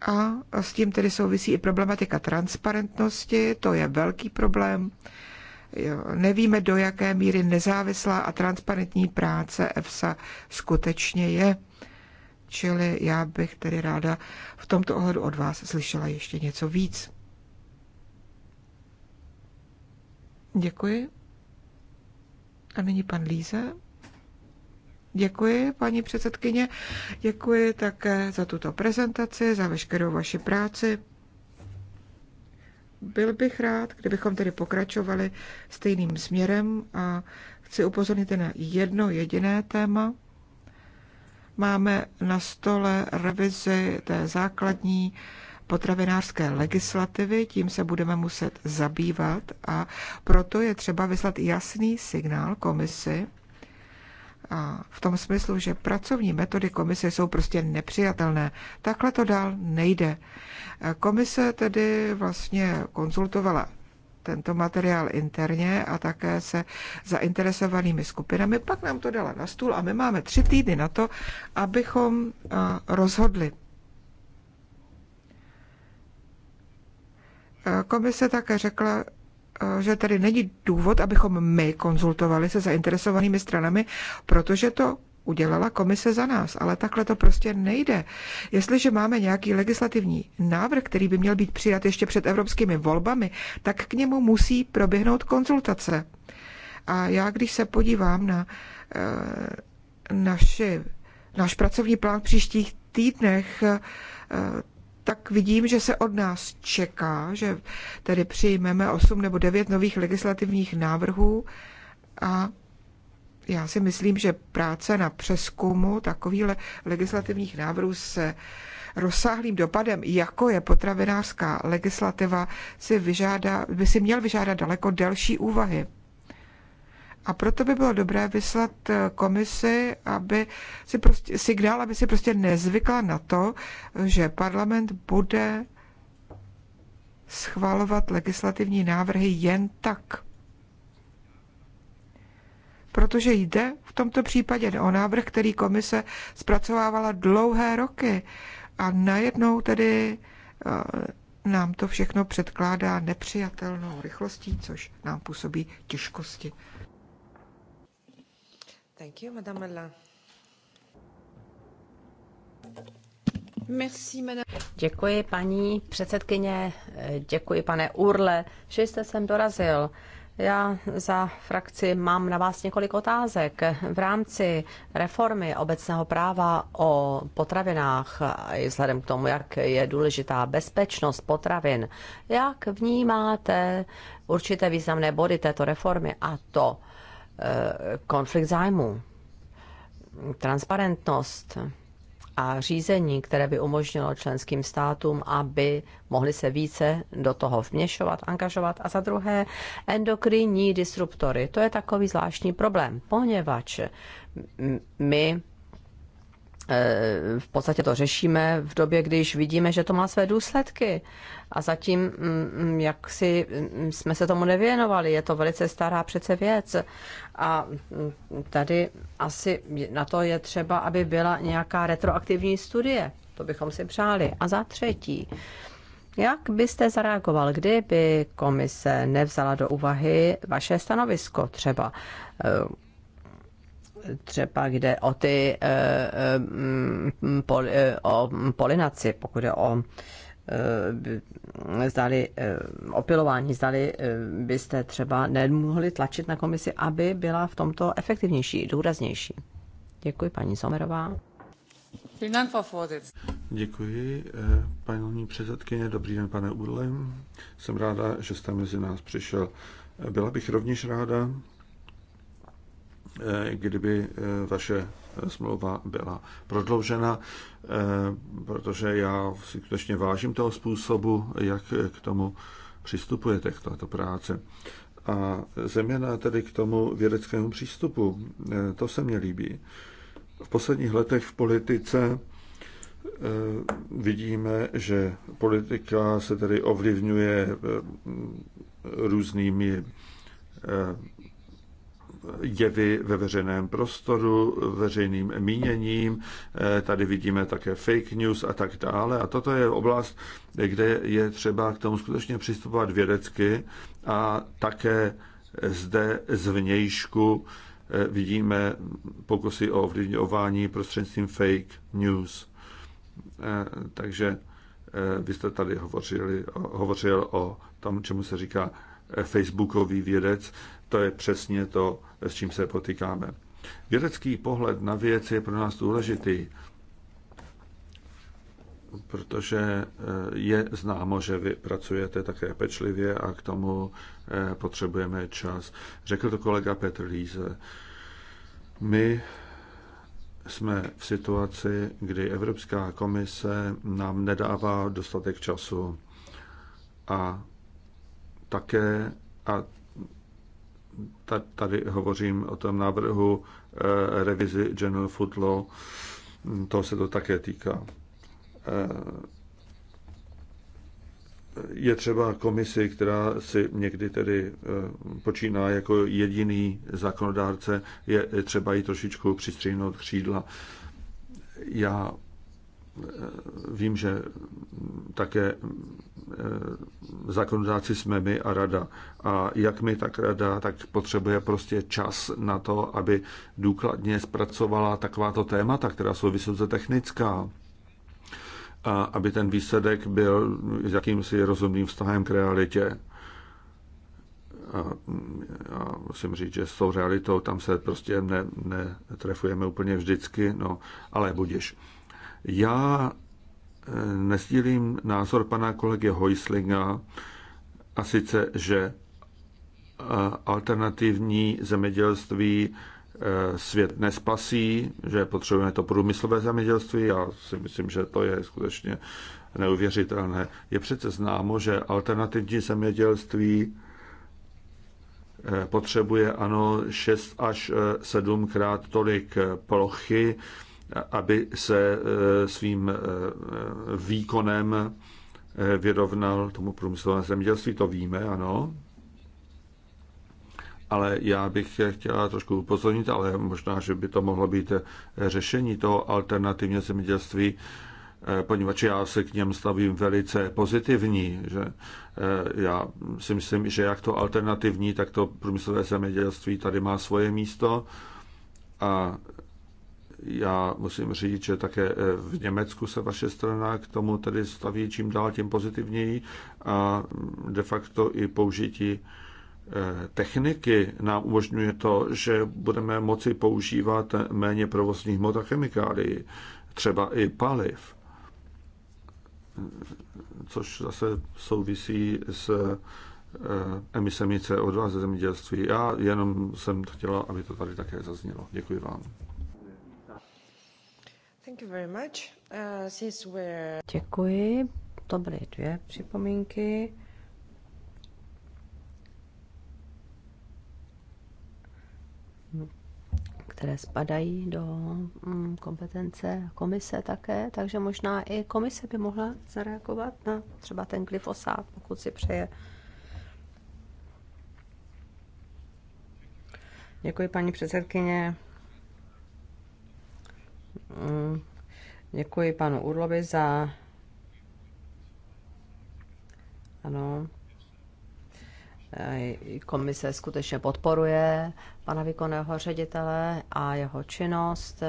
Speaker 1: A s tím tedy souvisí i problematika transparentnosti, to je velký problém. Nevíme, do jaké míry nezávislá a transparentní práce EFSA skutečně je. Čili já bych tedy ráda v tomto ohledu od vás slyšela ještě něco víc. Děkuji. A nyní pan Líze. Děkuji, paní předsedkyně. Děkuji také za tuto prezentaci, za veškerou vaši práci. Byl bych rád, kdybychom tedy pokračovali stejným směrem a chci upozornit na jedno jediné téma. Máme na stole revizi té základní potravinářské legislativy, tím se budeme muset zabývat a proto je třeba vyslat jasný signál komisi, a v tom smyslu, že pracovní metody komise jsou prostě nepřijatelné. Takhle to dál nejde. Komise tedy vlastně konzultovala tento materiál interně a také se zainteresovanými skupinami. Pak nám to dala na stůl a my máme tři týdny na to, abychom rozhodli. Komise také řekla, eh, že tady není důvod, abychom my konzultovali se zainteresovanými stranami, protože to udělala komise za nás, ale takhle to prostě nejde. Jestliže máme nějaký legislativní návrh, který by měl být přijat ještě před evropskými volbami, tak k němu musí proběhnout konzultace. A já, když se podívám na eh, naši, náš pracovní plán v příštích týdnech, eh, tak vidím, že se od nás čeká, že tedy přijmeme 8 nebo 9 nových legislativních návrhů a já si myslím, že práce na přeskumu takových legislativních návrhů se rozsáhlým dopadem, jako je potravinářská legislativa, si vyžádá, by si měl vyžádat daleko delší úvahy. A proto by bylo dobré vyslat eh, komisi, aby si prostě, signál, aby si prostě nezvykla na to, že parlament bude schvalovat legislativní návrhy jen tak. Protože jde v tomto případě o návrh, který komise zpracovávala dlouhé roky a najednou tedy eh, nám to všechno předkládá nepřijatelnou rychlostí, což nám působí těžkosti. Thank you, Madame Merci, madame.
Speaker 3: Děkuji, paní předsedkyně, děkuji, pane Urle, že jste sem dorazil. Já za frakci mám na vás několik otázek. V rámci reformy obecného práva o potravinách, i vzhledem k tomu, jak je důležitá bezpečnost potravin, jak vnímáte určité významné body této reformy a to, Eh, konflikt zájmů, transparentnost a řízení, které by umožnilo členským státům, aby mohli se více do toho vměšovat, angažovat. A za druhé, endokrinní disruptory. To je takový zvláštní problém, poněvadž my Eh, v podstatě to řešíme v době, když vidíme, že to má své důsledky. A zatím, mm, mm, jak si mm, jsme se tomu nevěnovali, je to velice stará přece věc. A tady asi na to je třeba, aby byla nějaká retroaktivní studie. To bychom si přáli. A za třetí, jak byste zareagoval, kdyby komise nevzala do úvahy vaše stanovisko třeba eh, třeba jde o ty eh, eh, mm, eh, o polinaci, pokud je o zdali opilování, zdali byste třeba nemohli tlačit na komisi, aby byla v tomto efektivnější, důraznější. Děkuji, paní Somerová.
Speaker 2: Děkuji, paní předsedkyně. Dobrý den, pane Urlem. Jsem ráda, že jste mezi nás přišel. Byla bych rovněž ráda, Eh, kdyby eh, vaše smlouva byla prodloužena, eh, protože já si skutečně vážím toho způsobu, jak k tomu přistupujete k této práci. A zejména tedy k tomu vědeckému přístupu. To se mně líbí. V posledních letech v politice vidíme, že politika se tedy ovlivňuje různými jevy ve veřejném prostoru, veřejným míněním, eh, tady vidíme také fake news a tak dále. A toto je oblast, kde je třeba k tomu skutečně přistupovat vědecky a také zde zvnějšku eh, vidíme pokusy o ovlivňování prostřednictvím fake news. Eh, takže vy jste tady hovořili, hovořil o tom, čemu se říká facebookový vědec, to je přesně to, s čím se potýkáme. Vědecký pohled na věc je pro nás důležitý, protože eh, je známo, že vy pracujete také pečlivě a k tomu eh, potřebujeme čas. Řekl to kolega Petr Líze. My jsme v situaci, kdy Evropská komise nám nedává dostatek času a také, a tady hovořím o tom návrhu eh, revizi General Food Law, to se to také týká. Eh, je třeba komisi, která si někdy tedy eh, počíná jako jediný zákonodárce, je třeba ji trošičku přistřihnout křídla. Já Eh, vím, že také eh, zákonodáci jsme my a rada. A jak my, tak rada, tak potřebuje prostě čas na to, aby důkladně zpracovala takováto témata, která jsou vysoce technická. A aby ten výsledek byl jakýmsi rozumným vztahem k realitě. A, a musím říct, že s tou realitou tam se prostě ne, úplně vždycky, no, ale budiš. Já eh, nesdílím názor pana kolegy Hojslinga, a sice, že eh, alternativní zemědělství eh, svět nespasí, že potřebujeme to průmyslové zemědělství. Já si myslím, že to je skutečně neuvěřitelné. Je přece známo, že alternativní zemědělství potřebuje ano 6 až 7 krát tolik plochy, aby se eh, svým eh, výkonem eh, vyrovnal tomu průmyslové zemědělství, to víme, ano. Ale já bych chtěla trošku upozornit, ale možná, že by to mohlo být řešení toho alternativně zemědělství, poněvadž já se k něm stavím velice pozitivní. Že já si myslím, že jak to alternativní, tak to průmyslové zemědělství tady má svoje místo a já musím říct, že také eh, v Německu se vaše strana k tomu tedy staví čím dál tím pozitivněji a de facto i použití eh, techniky nám umožňuje to, že budeme moci používat méně provozních hmot a chemikálií, třeba i paliv, což zase souvisí s eh, emisemi CO2 ze zemědělství. Já jenom jsem chtěla, aby to tady také zaznělo. Děkuji vám.
Speaker 1: Uh,
Speaker 3: Děkuji. To byly dvě připomínky. které spadají do mm, kompetence komise také, takže možná i komise by mohla zareagovat na třeba ten glyfosát, pokud si přeje. Děkuji, paní předsedkyně. Mm, děkuji panu Urlovi za ano, eh, komise skutečně podporuje pana výkonného ředitele a jeho činnost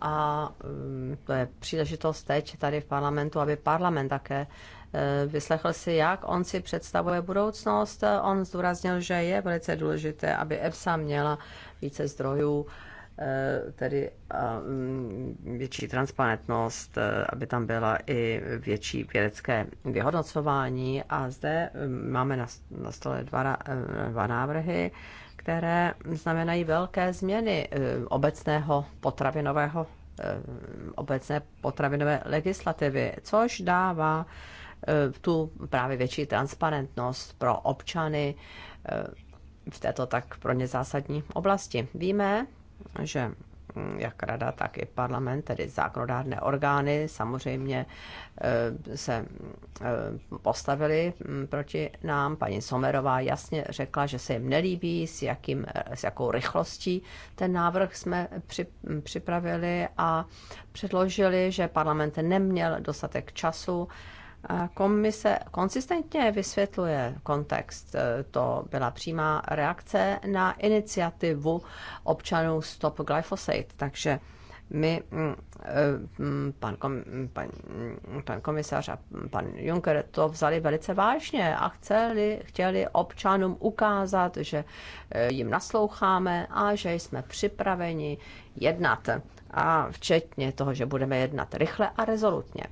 Speaker 3: a mm, to je příležitost teď tady v parlamentu, aby parlament také eh, vyslechl si, jak on si představuje budoucnost. On zdůraznil, že je velice důležité, aby EFSA měla více zdrojů Eh, tedy mm, větší transparentnost, eh, aby tam byla i větší vědecké vyhodnocování. A zde mm, máme na, stole dva, eh, dva návrhy, které znamenají velké změny obecného potravinového obecné potravinové legislativy, což dává tu právě větší transparentnost pro občany v této tak pro ně zásadní oblasti. Víme, že mm, jak rada, tak i parlament, tedy zákonodárné orgány, samozřejmě e, se e, postavili mm, proti nám. Paní Somerová jasně řekla, že se jim nelíbí, s, jakým, e, s jakou rychlostí ten návrh jsme mm, připravili a předložili, že parlament neměl dostatek času komise konsistentně vysvětluje kontext. E, to byla přímá reakce na iniciativu občanů Stop Glyphosate. Takže my, mm, e, mm, pan, kom, pan, pan komisař a pan Juncker to vzali velice vážně a chceli, chtěli občanům ukázat, že e, jim nasloucháme a že jsme připraveni jednat. A včetně toho, že budeme jednat rychle a rezolutně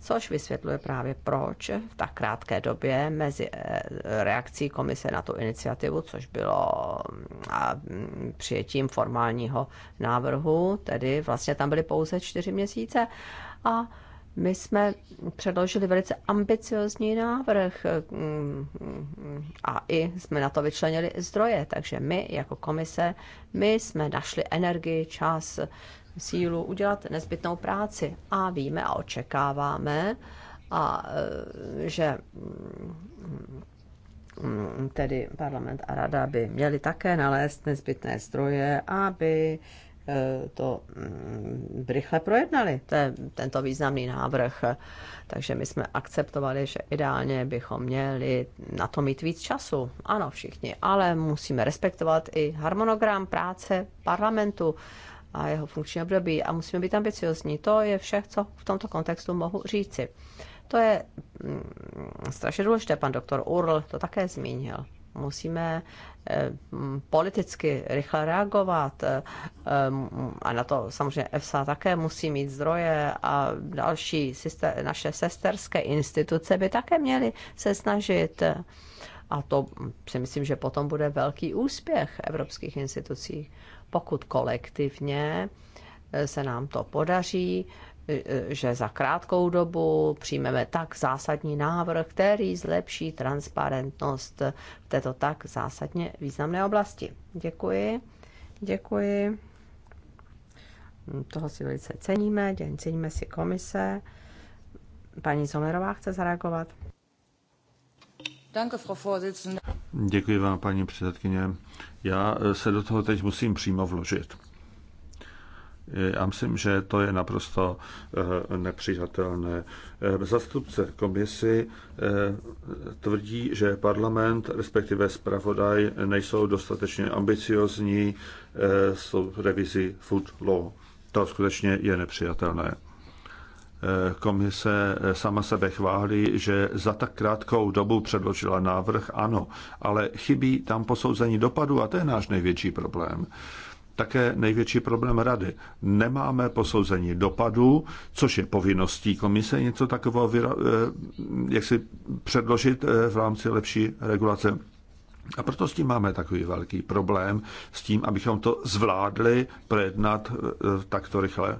Speaker 3: což vysvětluje právě proč v tak krátké době mezi eh, reakcí komise na tu iniciativu, což bylo mm, mm, přijetím formálního návrhu, tedy vlastně tam byly pouze čtyři měsíce a my jsme předložili velice ambiciozní návrh mm, a i jsme na to vyčlenili zdroje. Takže my jako komise, my jsme našli energii, čas, sílu udělat nezbytnou práci. A víme a očekáváme, a e, že mm, mm, tedy parlament a rada by měli také nalézt nezbytné stroje, aby e, to mm, rychle projednali, ten, tento významný návrh. Takže my jsme akceptovali, že ideálně bychom měli na to mít víc času. Ano, všichni, ale musíme respektovat i harmonogram práce parlamentu a jeho funkční období a musíme být ambiciozní. To je vše, co v tomto kontextu mohu říci. To je mm, strašně důležité, pan doktor Url to také zmínil. Musíme eh, mm, politicky rychle reagovat eh, mm, a na to samozřejmě EFSA také musí mít zdroje a další sister, naše sesterské instituce by také měly se snažit a to si myslím, že potom bude velký úspěch evropských institucí pokud kolektivně eh, se nám to podaří, eh, eh, že za krátkou dobu přijmeme tak zásadní návrh, který zlepší transparentnost v této tak zásadně významné oblasti. Děkuji. Děkuji. Hm, toho si velice ceníme, ceníme si komise. Paní Zomerová chce zareagovat.
Speaker 2: Děkuji vám, paní předsedkyně. Já eh, se do toho teď musím přímo vložit. Eh, já myslím, že to je naprosto eh, nepřijatelné. Zastupce komisy tvrdí, že parlament, respektive zpravodaj, nejsou dostatečně ambiciozní s revizi food law. To skutečně je nepřijatelné komise sama sebe chválí, že za tak krátkou dobu předložila návrh, ano, ale chybí tam posouzení dopadu a to je náš největší problém. Také největší problém rady. Nemáme posouzení dopadu, což je povinností komise něco takového eh, jak si předložit eh, v rámci lepší regulace. A proto s tím máme takový velký problém, s tím, abychom to zvládli projednat eh, takto rychle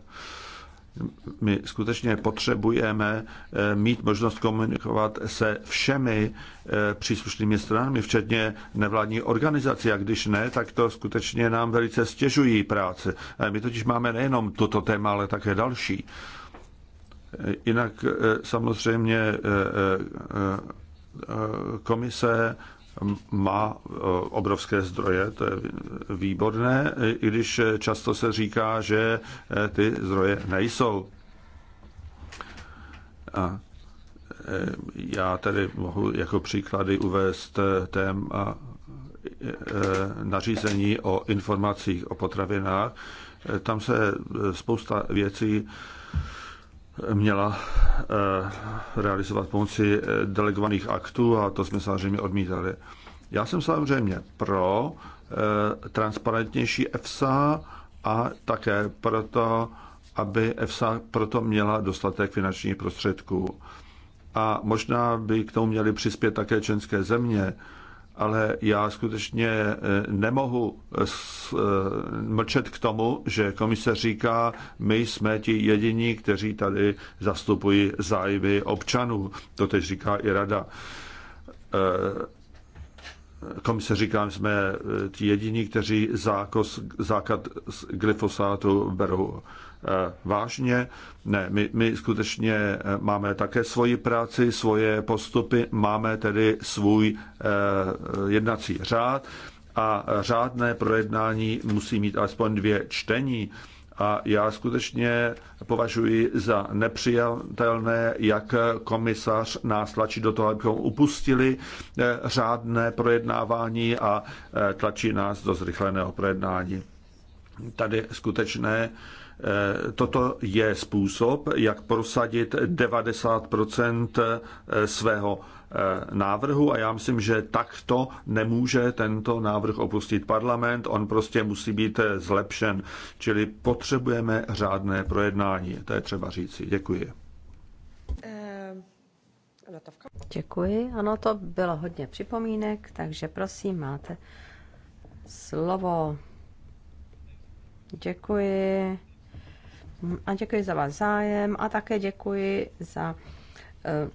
Speaker 2: my skutečně potřebujeme eh, mít možnost komunikovat se všemi eh, příslušnými stranami, včetně nevládní organizací. A když ne, tak to skutečně nám velice stěžují práci. Eh, my totiž máme nejenom toto téma, ale také další. Jinak samozřejmě komise má eh, obrovské zdroje, to je výborné, i když eh, často se říká, že eh, ty zdroje nejsou. A já tedy mohu jako příklady uvést téma nařízení o informacích o potravinách. Tam se spousta věcí měla eh, realizovat pomocí eh, delegovaných aktů a to jsme samozřejmě odmítali. Já jsem samozřejmě pro eh, transparentnější EFSA a také proto, aby EFSA proto měla dostatek finančních prostředků. A možná by k tomu měly přispět také členské země, ale já skutečně eh, nemohu eh, eh, mlčet k tomu, že komise říká, my jsme ti jediní, kteří tady zastupují zájmy občanů. To teď říká i rada. Komise říká, my jsme ti jediní, kteří zákaz, zákaz glyfosátu berou Eh, vážně. Ne, my, my skutečně eh, máme také svoji práci, svoje postupy, máme tedy svůj eh, jednací řád a řádné projednání musí mít alespoň dvě čtení. A já skutečně považuji za nepřijatelné, jak komisař nás tlačí do toho, abychom upustili řádné projednávání a tlačí nás do zrychleného projednání. Tady skutečné Eh, toto je způsob, jak prosadit 90 eh, svého eh, návrhu a já myslím, že takto nemůže tento návrh opustit parlament, on prostě musí být zlepšen, čili potřebujeme řádné projednání, to je třeba říci. Děkuji.
Speaker 3: Děkuji, ano, to bylo hodně připomínek, takže prosím, máte slovo. Děkuji. A děkuji za váš zájem a také děkuji za eh,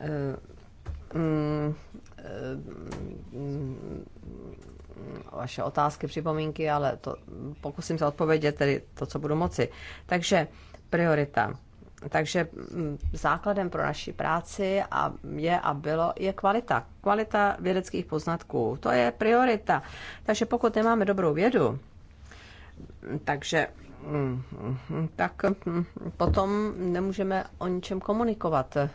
Speaker 3: eh, mm, eh, mm, vaše otázky, připomínky, ale to, pokusím se odpovědět tedy to, co budu moci. Takže priorita. Takže mm, základem pro naši práci a je a bylo je kvalita. Kvalita vědeckých poznatků. To je priorita. Takže pokud nemáme dobrou vědu, takže Mm, tak mm, potom nemůžeme o ničem komunikovat. Eh,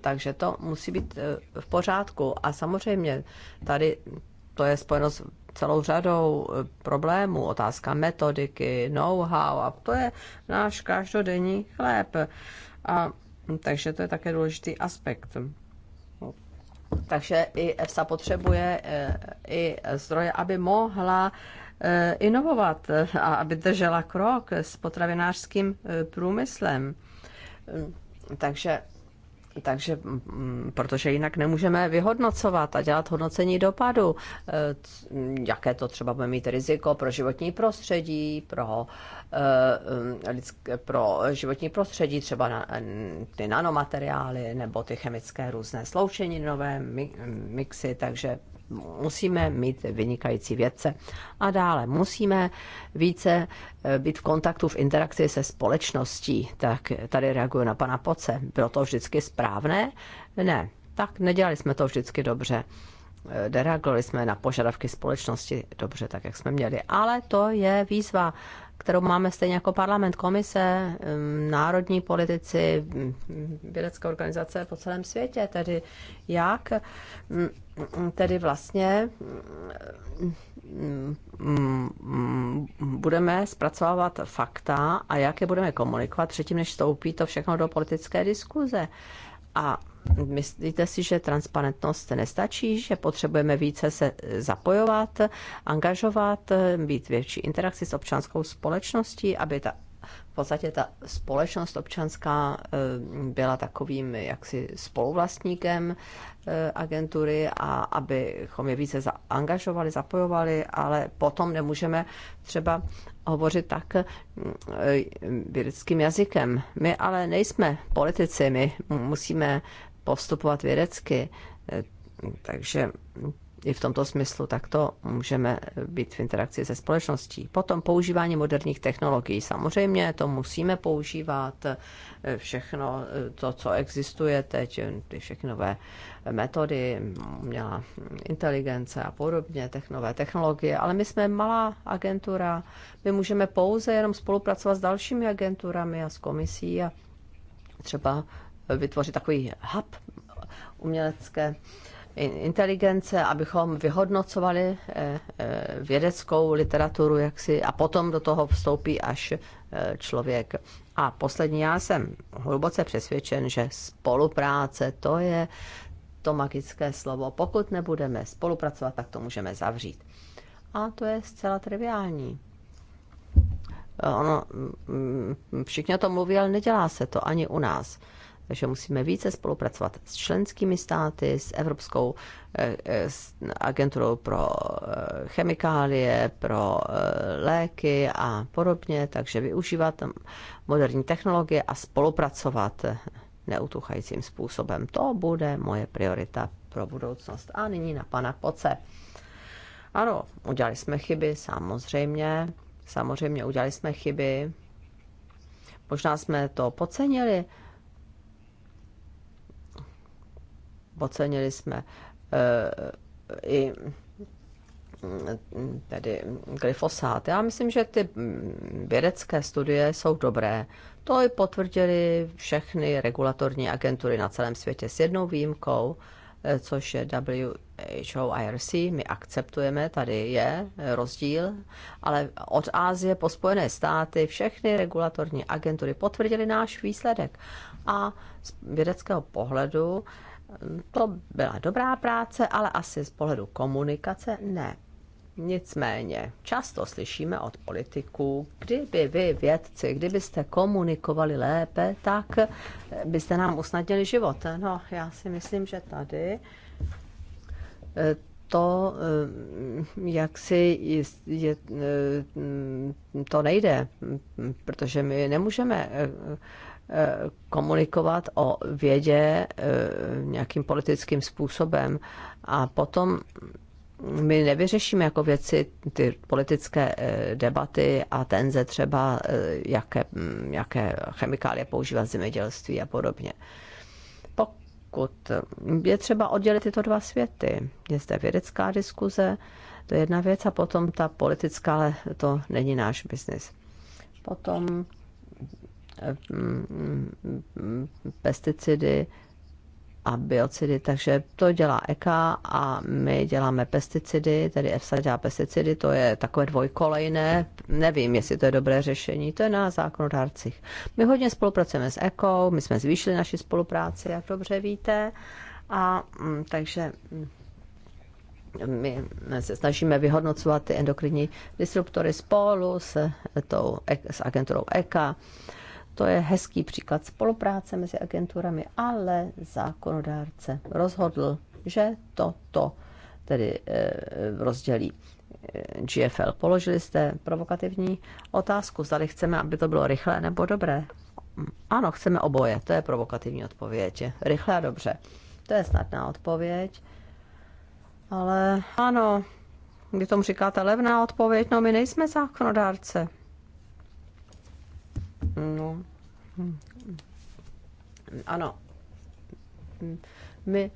Speaker 3: takže to musí být eh, v pořádku. A samozřejmě tady to je spojeno s celou řadou eh, problémů. Otázka metodiky, know-how a to je náš každodenní chléb. A, mm, takže to je také důležitý aspekt. Takže i EFSA potřebuje i zdroje, aby mohla Eh, inovovat a aby držela krok s potravinářským eh, průmyslem. Eh, takže takže mm, protože jinak nemůžeme vyhodnocovat a dělat hodnocení dopadu, jaké to třeba bude mít riziko pro životní prostředí, pro, pro životní prostředí, třeba na, ty nanomateriály nebo ty chemické různé sloučeniny, nové mixy, takže musíme mít vynikající vědce. A dále musíme více eh, být v kontaktu, v interakci se společností. Tak tady reaguju na pana Poce. Bylo to vždycky správné? Ne, tak nedělali jsme to vždycky dobře. Dereagovali eh, jsme na požadavky společnosti dobře, tak jak jsme měli. Ale to je výzva kterou máme stejně jako parlament, komise, národní politici, vědecké organizace po celém světě, tedy jak mm, tedy vlastně mm, mm, budeme zpracovávat fakta a jak je budeme komunikovat předtím, než vstoupí to všechno do politické diskuze. A Myslíte si, že transparentnost nestačí, že potřebujeme více se zapojovat, angažovat, být větší interakci s občanskou společností, aby ta v podstatě ta společnost občanská eh, byla takovým jaksi spoluvlastníkem eh, agentury a abychom je více zaangažovali, zapojovali, ale potom nemůžeme třeba hovořit tak vědeckým eh, jazykem. My ale nejsme politici, my musíme postupovat vědecky. Eh, takže i v tomto smyslu takto můžeme být v interakci se společností. Potom používání moderních technologií. Samozřejmě to musíme používat eh, všechno eh, to, co existuje teď, ty všechny nové metody, měla inteligence a podobně, nové technologie, ale my jsme malá agentura, my můžeme pouze jenom spolupracovat s dalšími agenturami a s komisí a třeba vytvořit takový hub umělecké inteligence, abychom vyhodnocovali eh, eh, vědeckou literaturu jaksi, a potom do toho vstoupí až eh, člověk. A poslední, já jsem hluboce přesvědčen, že spolupráce to je to magické slovo. Pokud nebudeme spolupracovat, tak to můžeme zavřít. A to je zcela triviální. Ono, mm, mm, všichni o tom mluví, ale nedělá se to ani u nás. Takže musíme více spolupracovat s členskými státy, s Evropskou eh, eh, agenturou pro eh, chemikálie, pro léky a podobně, takže využívat moderní technologie a spolupracovat neutuchajícím způsobem. To bude moje priorita pro budoucnost. A nyní na pana Poce. Ano, udělali jsme chyby, samozřejmě. Samozřejmě udělali jsme chyby. Možná jsme to podcenili, Ocenili jsme eh, i mm, tedy glyfosát. Já myslím, že ty mm, vědecké studie jsou dobré. To i potvrdili všechny regulatorní agentury na celém světě s jednou výjimkou, eh, což je WHO IRC. My akceptujeme, tady je rozdíl, ale od Ázie po Spojené státy všechny regulatorní agentury potvrdili náš výsledek. A z vědeckého pohledu to byla dobrá práce, ale asi z pohledu komunikace ne. Nicméně, často slyšíme od politiků, kdyby vy vědci, kdybyste komunikovali lépe, tak byste nám usnadnili život. No, já si myslím, že tady eh, to, eh, jak si je, eh, to nejde, protože my nemůžeme komunikovat o vědě eh, nějakým politickým způsobem a potom my nevyřešíme jako věci ty politické eh, debaty a tenze třeba, eh, jaké, mm, jaké chemikálie používat v zemědělství a podobně. Pokud je třeba oddělit tyto dva světy, je zde vědecká diskuze, to je jedna věc, a potom ta politická, ale to není náš biznis. Potom pesticidy a biocidy, takže to dělá EKA a my děláme pesticidy, tedy EFSA dělá pesticidy, to je takové dvojkolejné, nevím, jestli to je dobré řešení, to je na zákonodárcích. My hodně spolupracujeme s EKO, my jsme zvýšili naši spolupráci, jak dobře víte, a mm, takže mm, my se snažíme vyhodnocovat ty endokrinní disruptory spolu s, e, tou, e, s agenturou EKA to je hezký příklad spolupráce mezi agenturami, ale zákonodárce rozhodl, že toto tedy eh, rozdělí. GFL. Položili jste provokativní otázku, zda chceme, aby to bylo rychlé nebo dobré. Ano, chceme oboje, to je provokativní odpověď. Rychle a dobře. To je snadná odpověď. Ale ano, vy tomu říkáte levná odpověď, no my nejsme zákonodárce. No. Ano. My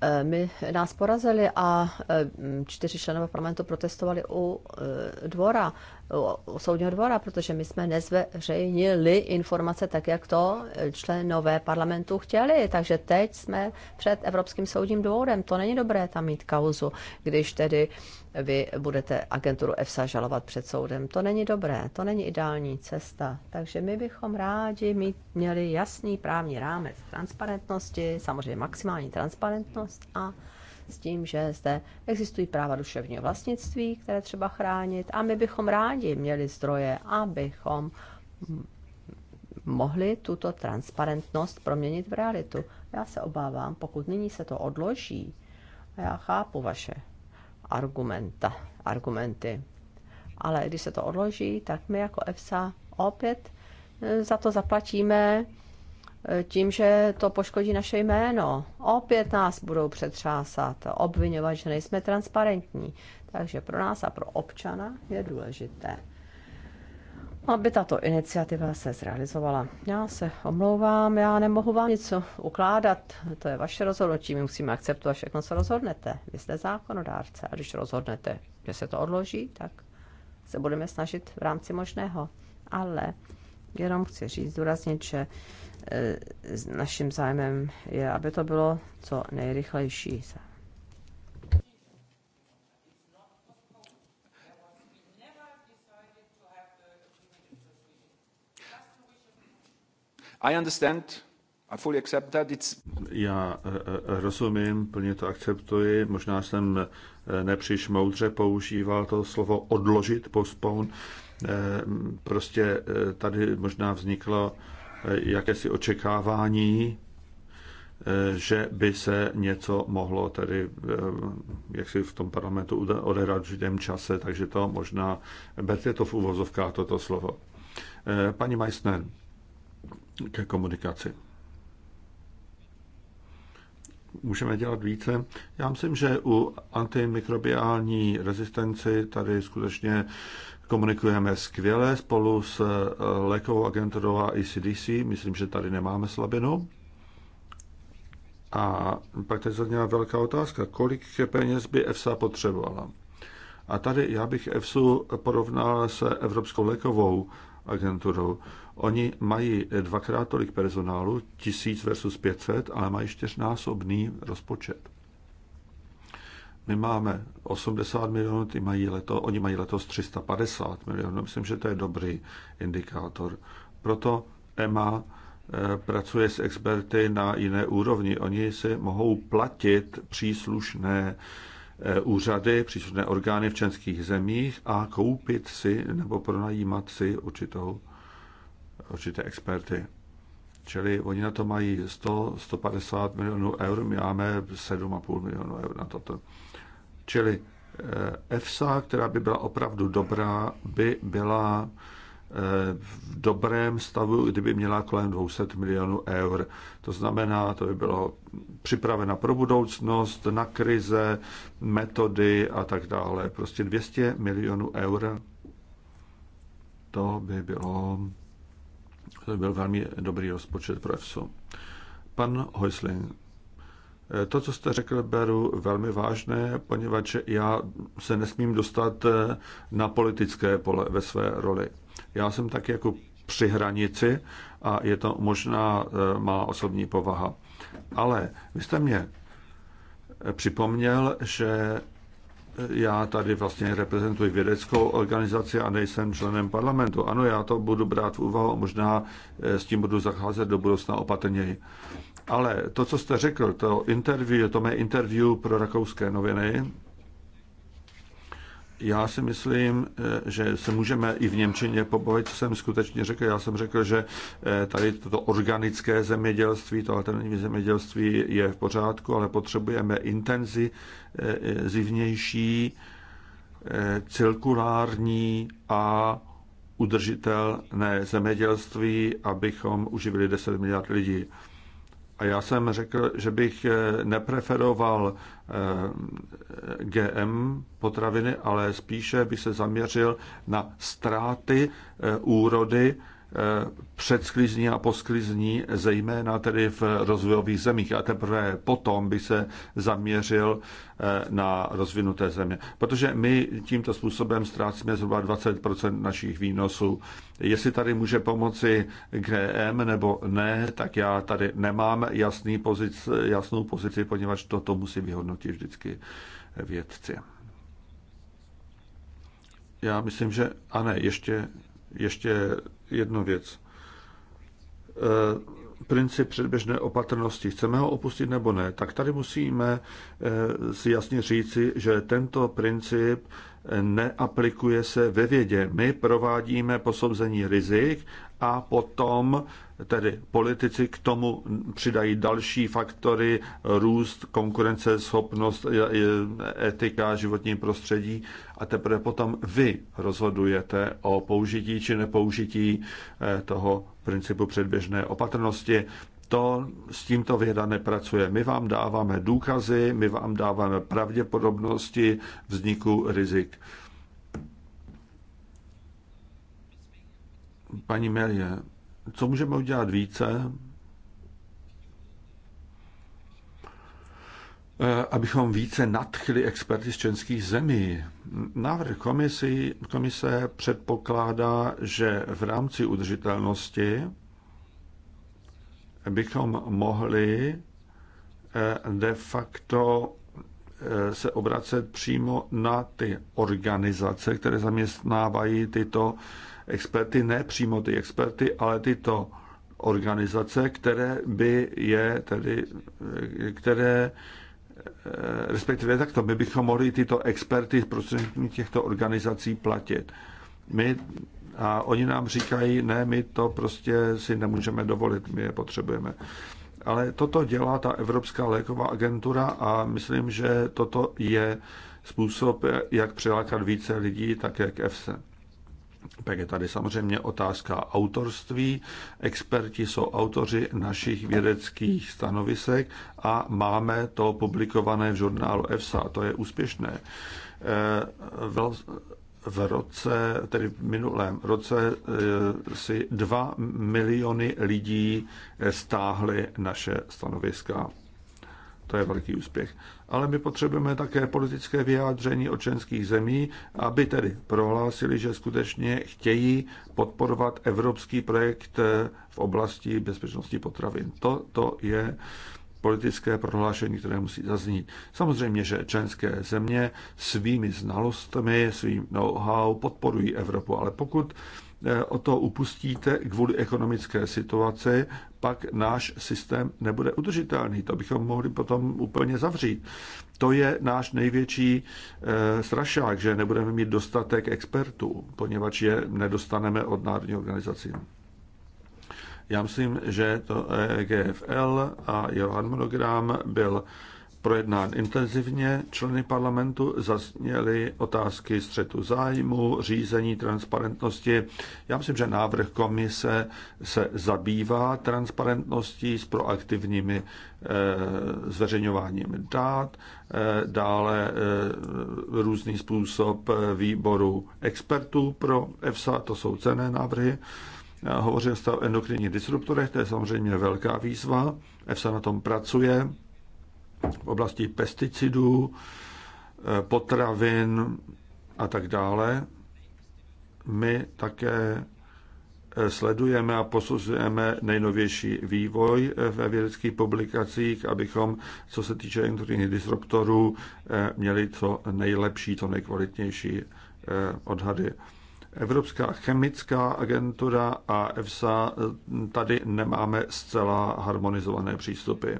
Speaker 3: eh, my nás porazili a eh, čtyři členové parlamentu protestovali u eh, dvora soudního dvora, protože my jsme nezveřejnili informace tak, jak to členové parlamentu chtěli. Takže teď jsme před Evropským soudním dvorem. To není dobré tam mít kauzu, když tedy vy budete agenturu EFSA žalovat před soudem. To není dobré, to není ideální cesta. Takže my bychom rádi mít, měli jasný právní rámec transparentnosti, samozřejmě maximální transparentnost a s tím, že zde existují práva duševního vlastnictví, které třeba chránit a my bychom rádi měli zdroje, abychom mohli tuto transparentnost proměnit v realitu. Já se obávám, pokud nyní se to odloží, a já chápu vaše argumenta, argumenty, ale když se to odloží, tak my jako EFSA opět eh, za to zaplatíme tím, že to poškodí naše jméno. Opět nás budou přetřásat, obvinovat, že nejsme transparentní. Takže pro nás a pro občana je důležité, aby tato iniciativa se zrealizovala. Já se omlouvám, já nemohu vám nic ukládat, to je vaše rozhodnutí, my musíme akceptovat všechno, co rozhodnete. Vy jste zákonodárce a když rozhodnete, že se to odloží, tak se budeme snažit v rámci možného. Ale jenom chci říct, zdůraznit, že Eh, naším zájmem je, aby to bylo co nejrychlejší.
Speaker 2: I understand. I fully accept that. It's... Já eh, eh, rozumím, plně to akceptuji. Možná jsem nepříliš moudře používal to slovo odložit, postpone. Prostě tady možná vzniklo Eh, jakési očekávání, eh, že by se něco mohlo tedy, eh, jak si v tom parlamentu odehrát v určitém čase, takže to možná, berte to v uvozovkách, toto slovo. Paní Meissner, ke komunikaci. Můžeme dělat více? Já myslím, že u antimikrobiální rezistenci tady skutečně komunikujeme skvěle spolu s eh, lékovou agenturou a ECDC. Myslím, že tady nemáme slabinu. A pak tady zazněla velká otázka, kolik peněz by EFSA potřebovala. A tady já bych EFSU porovnal se Evropskou lékovou agenturou. Oni mají dvakrát tolik personálu, 1000 versus 500, ale mají čtyřnásobný rozpočet. My máme 80 milionů, ty mají leto, oni mají letos 350 milionů. Myslím, že to je dobrý indikátor. Proto EMA eh, pracuje s experty na jiné úrovni. Oni si mohou platit příslušné eh, úřady, příslušné orgány v českých zemích a koupit si nebo pronajímat si určitou, určité experty. Čili oni na to mají 100, 150 milionů eur, my máme 7,5 milionů eur na toto. Čili eh, EFSA, která by byla opravdu dobrá, by byla eh, v dobrém stavu, kdyby měla kolem 200 milionů eur. To znamená, to by bylo připravena pro budoucnost, na krize, metody a tak dále. Prostě 200 milionů eur, to by bylo to byl velmi dobrý rozpočet pro EFSO. Pan Hoisling, eh, to, co jste řekl, beru velmi vážné, poněvadž já se nesmím dostat eh, na politické pole ve své roli. Já jsem tak jako při hranici a je to možná eh, má osobní povaha. Ale vy jste mě připomněl, že já tady vlastně reprezentuji vědeckou organizaci a nejsem členem parlamentu. Ano, já to budu brát v úvahu, možná eh, s tím budu zacházet do budoucna opatrněji. Ale to, co jste řekl, to interview, to mé interview pro rakouské noviny, já si myslím, eh, že se můžeme i v Němčině pobavit, co jsem skutečně řekl. Já jsem řekl, že eh, tady toto organické zemědělství, to alternativní zemědělství je v pořádku, ale potřebujeme intenzivnější, eh, cirkulární a udržitelné zemědělství, abychom uživili 10 miliard lidí. A já jsem řekl, že bych eh, nepreferoval eh, GM potraviny, ale spíše by se zaměřil na ztráty eh, úrody předsklizní a posklizní, zejména tedy v rozvojových zemích. A teprve potom by se zaměřil eh, na rozvinuté země. Protože my tímto způsobem ztrácíme zhruba 20 našich výnosů. Jestli tady může pomoci GM nebo ne, tak já tady nemám jasný pozic, jasnou pozici, poněvadž toto musí vyhodnotit vždycky vědci. Já myslím, že... A ne, ještě ještě jednu věc. Eh, princip předběžné opatrnosti, chceme ho opustit nebo ne, tak tady musíme eh, si jasně říci, že tento princip neaplikuje se ve vědě. My provádíme posouzení rizik a potom tedy politici k tomu přidají další faktory, růst, konkurence, schopnost, etika, životní prostředí a teprve potom vy rozhodujete o použití či nepoužití eh, toho principu předběžné opatrnosti. To s tímto věda nepracuje. My vám dáváme důkazy, my vám dáváme pravděpodobnosti vzniku rizik. Paní Melie, co můžeme udělat více, eh, abychom více nadchli experty z členských zemí. Návrh komisi, komise předpokládá, že v rámci udržitelnosti bychom mohli eh, de facto eh, se obracet přímo na ty organizace, které zaměstnávají tyto experty, ne přímo ty experty, ale tyto organizace, které by je tedy, které eh, respektive takto, my bychom mohli tyto experty prostřednictvím těchto organizací platit. My, a oni nám říkají, ne, my to prostě si nemůžeme dovolit, my je potřebujeme. Ale toto dělá ta Evropská léková agentura a myslím, že toto je způsob, jak přilákat více lidí, tak jak EFSE. Pak je tady samozřejmě otázka autorství. Experti jsou autoři našich vědeckých stanovisek a máme to publikované v žurnálu EFSA. To je úspěšné. Eh, v roce, tedy v minulém roce, eh, si dva miliony lidí stáhly naše stanoviska. To je velký úspěch. Ale my potřebujeme také politické vyjádření od členských zemí, aby tedy prohlásili, že skutečně chtějí podporovat evropský projekt eh, v oblasti bezpečnosti potravin. To, to je politické prohlášení, které musí zaznít. Samozřejmě, že členské země svými znalostmi, svým know-how podporují Evropu, ale pokud eh, o to upustíte kvůli ekonomické situaci, pak náš systém nebude udržitelný. To bychom mohli potom úplně zavřít. To je náš největší e, strašák, že nebudeme mít dostatek expertů, poněvadž je nedostaneme od národní organizací. Já myslím, že to e GFL a jeho harmonogram byl projednán intenzivně. Členy parlamentu zasněly otázky střetu zájmu, řízení transparentnosti. Já myslím, že návrh komise se zabývá transparentností s proaktivními eh, zveřejňováním dát, eh, dále eh, různý způsob výboru expertů pro EFSA, to jsou cené návrhy. Hovořil jste o endokrinních disruptorech, to je samozřejmě velká výzva. EFSA na tom pracuje v oblasti pesticidů, eh, potravin a tak dále. My také eh, sledujeme a posuzujeme nejnovější vývoj eh, ve vědeckých publikacích, abychom, co se týče endokrinních disruptorů, měli co nejlepší, co nejkvalitnější odhady. Evropská chemická agentura a EFSA tady nemáme zcela harmonizované přístupy.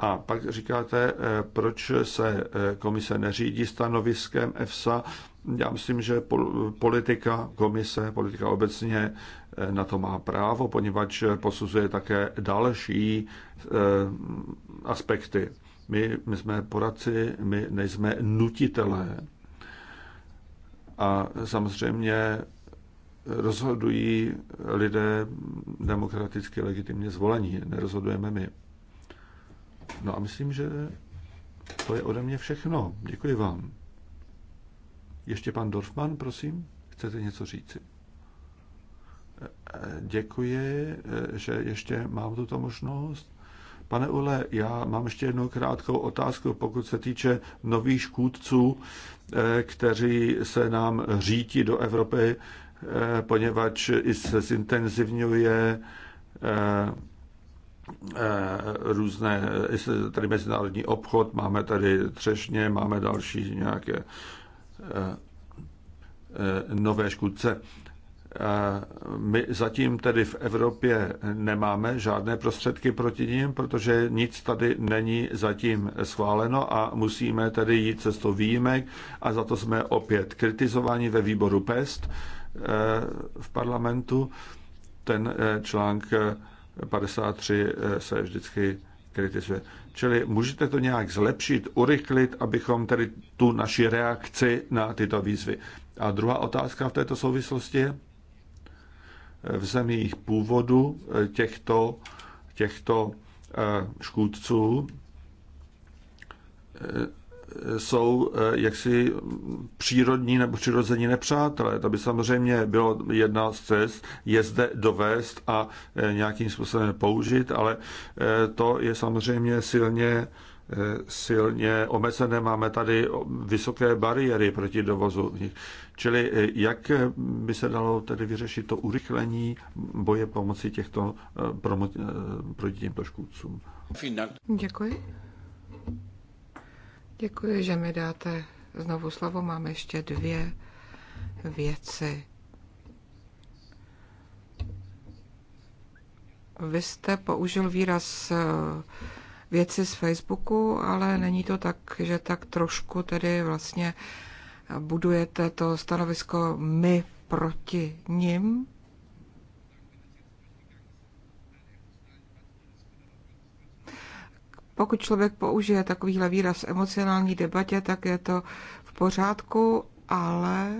Speaker 2: A pak říkáte, eh, proč se eh, komise neřídí stanoviskem EFSA. Já myslím, že politika komise, politika obecně eh, na to má právo, poněvadž posuzuje také další aspekty. My, my jsme poradci, my nejsme nutitelé. A samozřejmě rozhodují lidé demokraticky legitimně zvolení, nerozhodujeme my. No a myslím, že to je ode mě všechno. Děkuji vám. Ještě pan Dorfman, prosím, chcete něco říci? Eh, děkuji, eh, že ještě mám tuto možnost. Pane Ule, já mám ještě jednu krátkou otázku, pokud se týče nových škůdců, eh, kteří se nám řítí do Evropy, poněvadž i se zintenzivňuje Eh, různé, tady mezinárodní obchod, máme tady třešně, máme další nějaké eh, eh, nové škůdce. My zatím tedy v Evropě nemáme žádné prostředky proti ním, protože nic tady není zatím schváleno a musíme tedy jít cestou výjimek a za to jsme opět kritizováni ve výboru PEST v parlamentu. Ten článek 53 eh, se vždycky kritizuje. Čili můžete to nějak zlepšit, urychlit, abychom tedy tu naši reakci na tyto výzvy. A druhá otázka v této souvislosti je, eh, v zemích původu eh, těchto, těchto škůdců jsou eh, jaksi přírodní nebo přirození nepřátelé. To by samozřejmě bylo jedna z cest, je zde dovést a eh, nějakým způsobem použít, ale eh, to je samozřejmě silně silně omezené. Máme tady vysoké bariéry proti dovozu. Čili jak by se dalo tedy vyřešit to urychlení boje pomocí těchto, proti těmto škůdcům?
Speaker 1: Děkuji. Děkuji, že mi dáte znovu slovo. Mám ještě dvě věci. Vy jste použil výraz eh, věci z Facebooku, ale není to tak, že tak trošku tedy vlastně budujete to stanovisko my proti nim? Pokud člověk použije takovýhle výraz v emocionální debatě, tak je to v pořádku, ale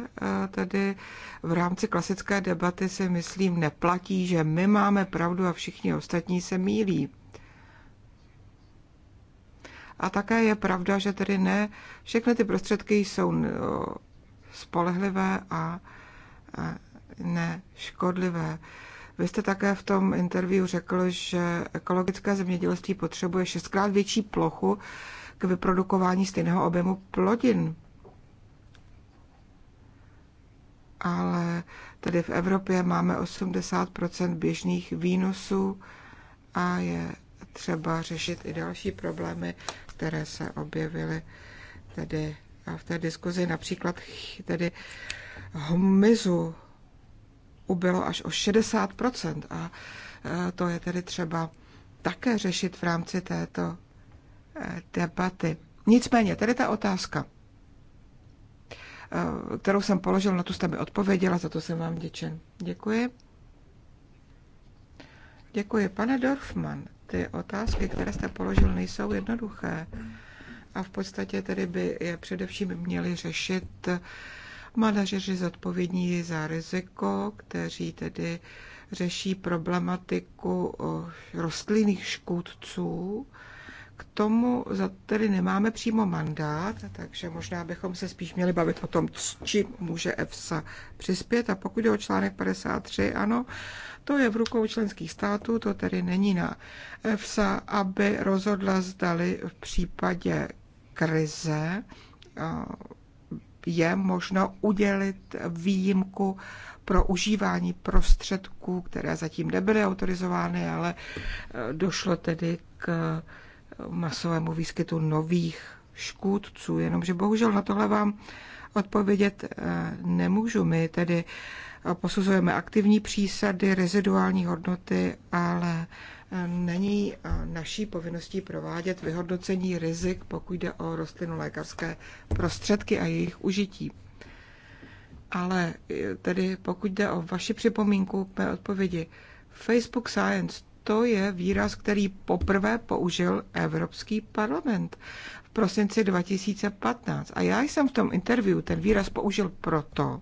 Speaker 1: eh, tedy v rámci klasické debaty si myslím neplatí, že my máme pravdu a všichni ostatní se mílí. A také je pravda, že tedy ne všechny ty prostředky jsou eh, spolehlivé a eh, neškodlivé. Vy jste také v tom interview řekl, že ekologické zemědělství potřebuje šestkrát větší plochu k vyprodukování stejného objemu plodin. Ale tady v Evropě máme 80 běžných výnosů a je třeba řešit i další problémy, které se objevily tedy v té diskuzi, například tedy hmyzu ubylo až o 60 a e, to je tedy třeba také řešit v rámci této e, debaty. Nicméně, tedy ta otázka, e, kterou jsem položil, na tu jste mi odpověděla, za to jsem vám děčen. Děkuji. Děkuji. Pane Dorfman, ty otázky, které jste položil, nejsou jednoduché a v podstatě tedy by je především měli řešit manažeři zodpovědní za riziko, kteří tedy řeší problematiku eh, rostlinných škůdců. K tomu za tedy nemáme přímo mandát, takže možná bychom se spíš měli bavit o tom, čím může EFSA přispět. A pokud je o článek 53, ano, to je v rukou členských států, to tedy není na EFSA, aby rozhodla zdali v případě krize je možno udělit výjimku pro užívání prostředků, které zatím nebyly autorizovány, ale eh, došlo tedy k eh, masovému výskytu nových škůdců. Jenomže bohužel na tohle vám odpovědět eh, nemůžu. My tedy posuzujeme aktivní přísady, reziduální hodnoty, ale není eh, naší povinností provádět vyhodnocení rizik, pokud jde o lékařské prostředky a jejich užití. Ale eh, tedy pokud jde o vaši připomínku, mé odpovědi, Facebook Science to je výraz, který poprvé použil Evropský parlament v prosinci 2015. A já jsem v tom interview ten výraz použil proto,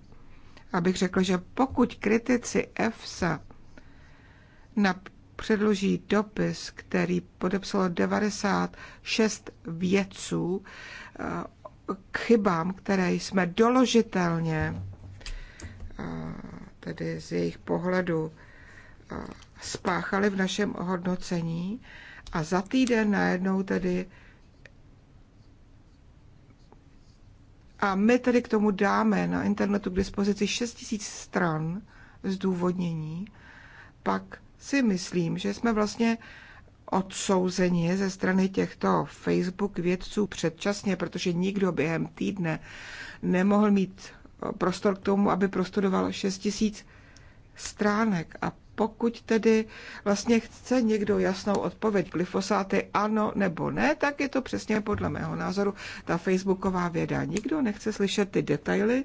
Speaker 1: abych řekl, že pokud kritici EFSA předloží dopis, který podepsalo 96 vědců eh, k chybám, které jsme doložitelně, eh, tedy z jejich pohledu, eh, spáchali v našem hodnocení a za týden najednou tedy a my tedy k tomu dáme na internetu k dispozici 6000 stran zdůvodnění, pak si myslím, že jsme vlastně odsouzeni ze strany těchto Facebook vědců předčasně, protože nikdo během týdne nemohl mít prostor k tomu, aby prostudoval 6 tisíc stránek. A pokud tedy vlastně chce někdo jasnou odpověď glyfosáty ano nebo ne, tak je to přesně podle mého názoru ta facebooková věda. Nikdo nechce slyšet ty detaily,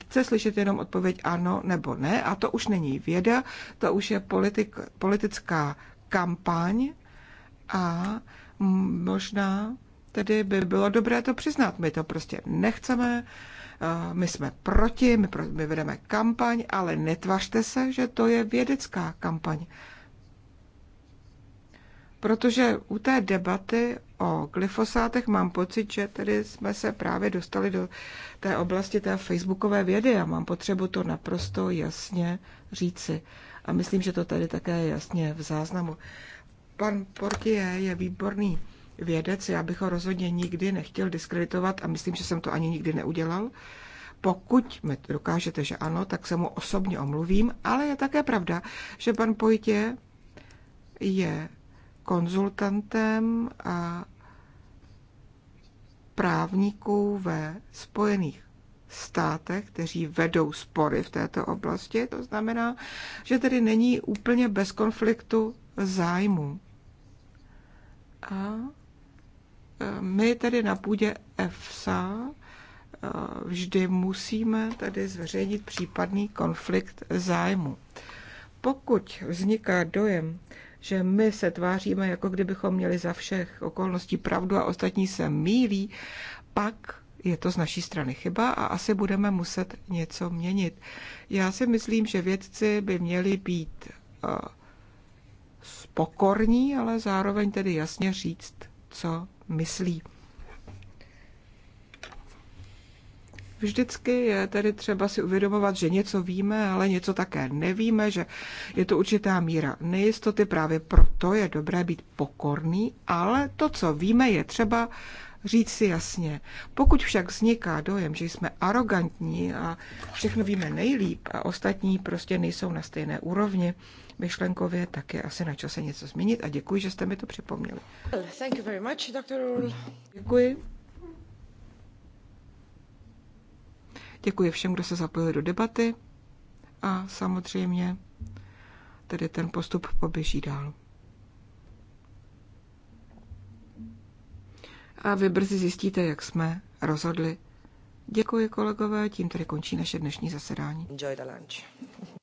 Speaker 1: chce slyšet jenom odpověď ano nebo ne a to už není věda, to už je politik, politická kampaň a možná tedy by bylo dobré to přiznat. My to prostě nechceme, my jsme proti, my, pro, my vedeme kampaň, ale netvařte se, že to je vědecká kampaň. Protože u té debaty o glyfosátech mám pocit, že tedy jsme se právě dostali do té oblasti té facebookové vědy a mám potřebu to naprosto jasně říci. A myslím, že to tady také je jasně v záznamu. Pan Portier je výborný vědec, já bych ho rozhodně nikdy nechtěl diskreditovat a myslím, že jsem to ani nikdy neudělal. Pokud mi dokážete, že ano, tak se mu osobně omluvím, ale je také pravda, že pan Pojtě je konzultantem a právníků ve Spojených státech, kteří vedou spory v této oblasti. To znamená, že tedy není úplně bez konfliktu zájmu. A my tedy na půdě EFSA eh, vždy musíme tedy zveřejnit případný konflikt zájmu. Pokud vzniká dojem, že my se tváříme, jako kdybychom měli za všech okolností pravdu a ostatní se mílí, pak je to z naší strany chyba a asi budeme muset něco měnit. Já si myslím, že vědci by měli být eh, spokorní, ale zároveň tedy jasně říct, co myslí. Vždycky je tedy třeba si uvědomovat, že něco víme, ale něco také nevíme, že je to určitá míra nejistoty, právě proto je dobré být pokorný, ale to, co víme, je třeba říct si jasně. Pokud však vzniká dojem, že jsme arrogantní a všechno víme nejlíp a ostatní prostě nejsou na stejné úrovni, myšlenkově, tak je asi na čase něco změnit a děkuji, že jste mi to připomněli. Thank you very much, Dr. Děkuji. Děkuji všem, kdo se zapojili do debaty a samozřejmě tedy ten postup poběží dál. A vy brzy zjistíte, jak jsme rozhodli. Děkuji kolegové, tím tedy končí naše dnešní zasedání. Enjoy the lunch.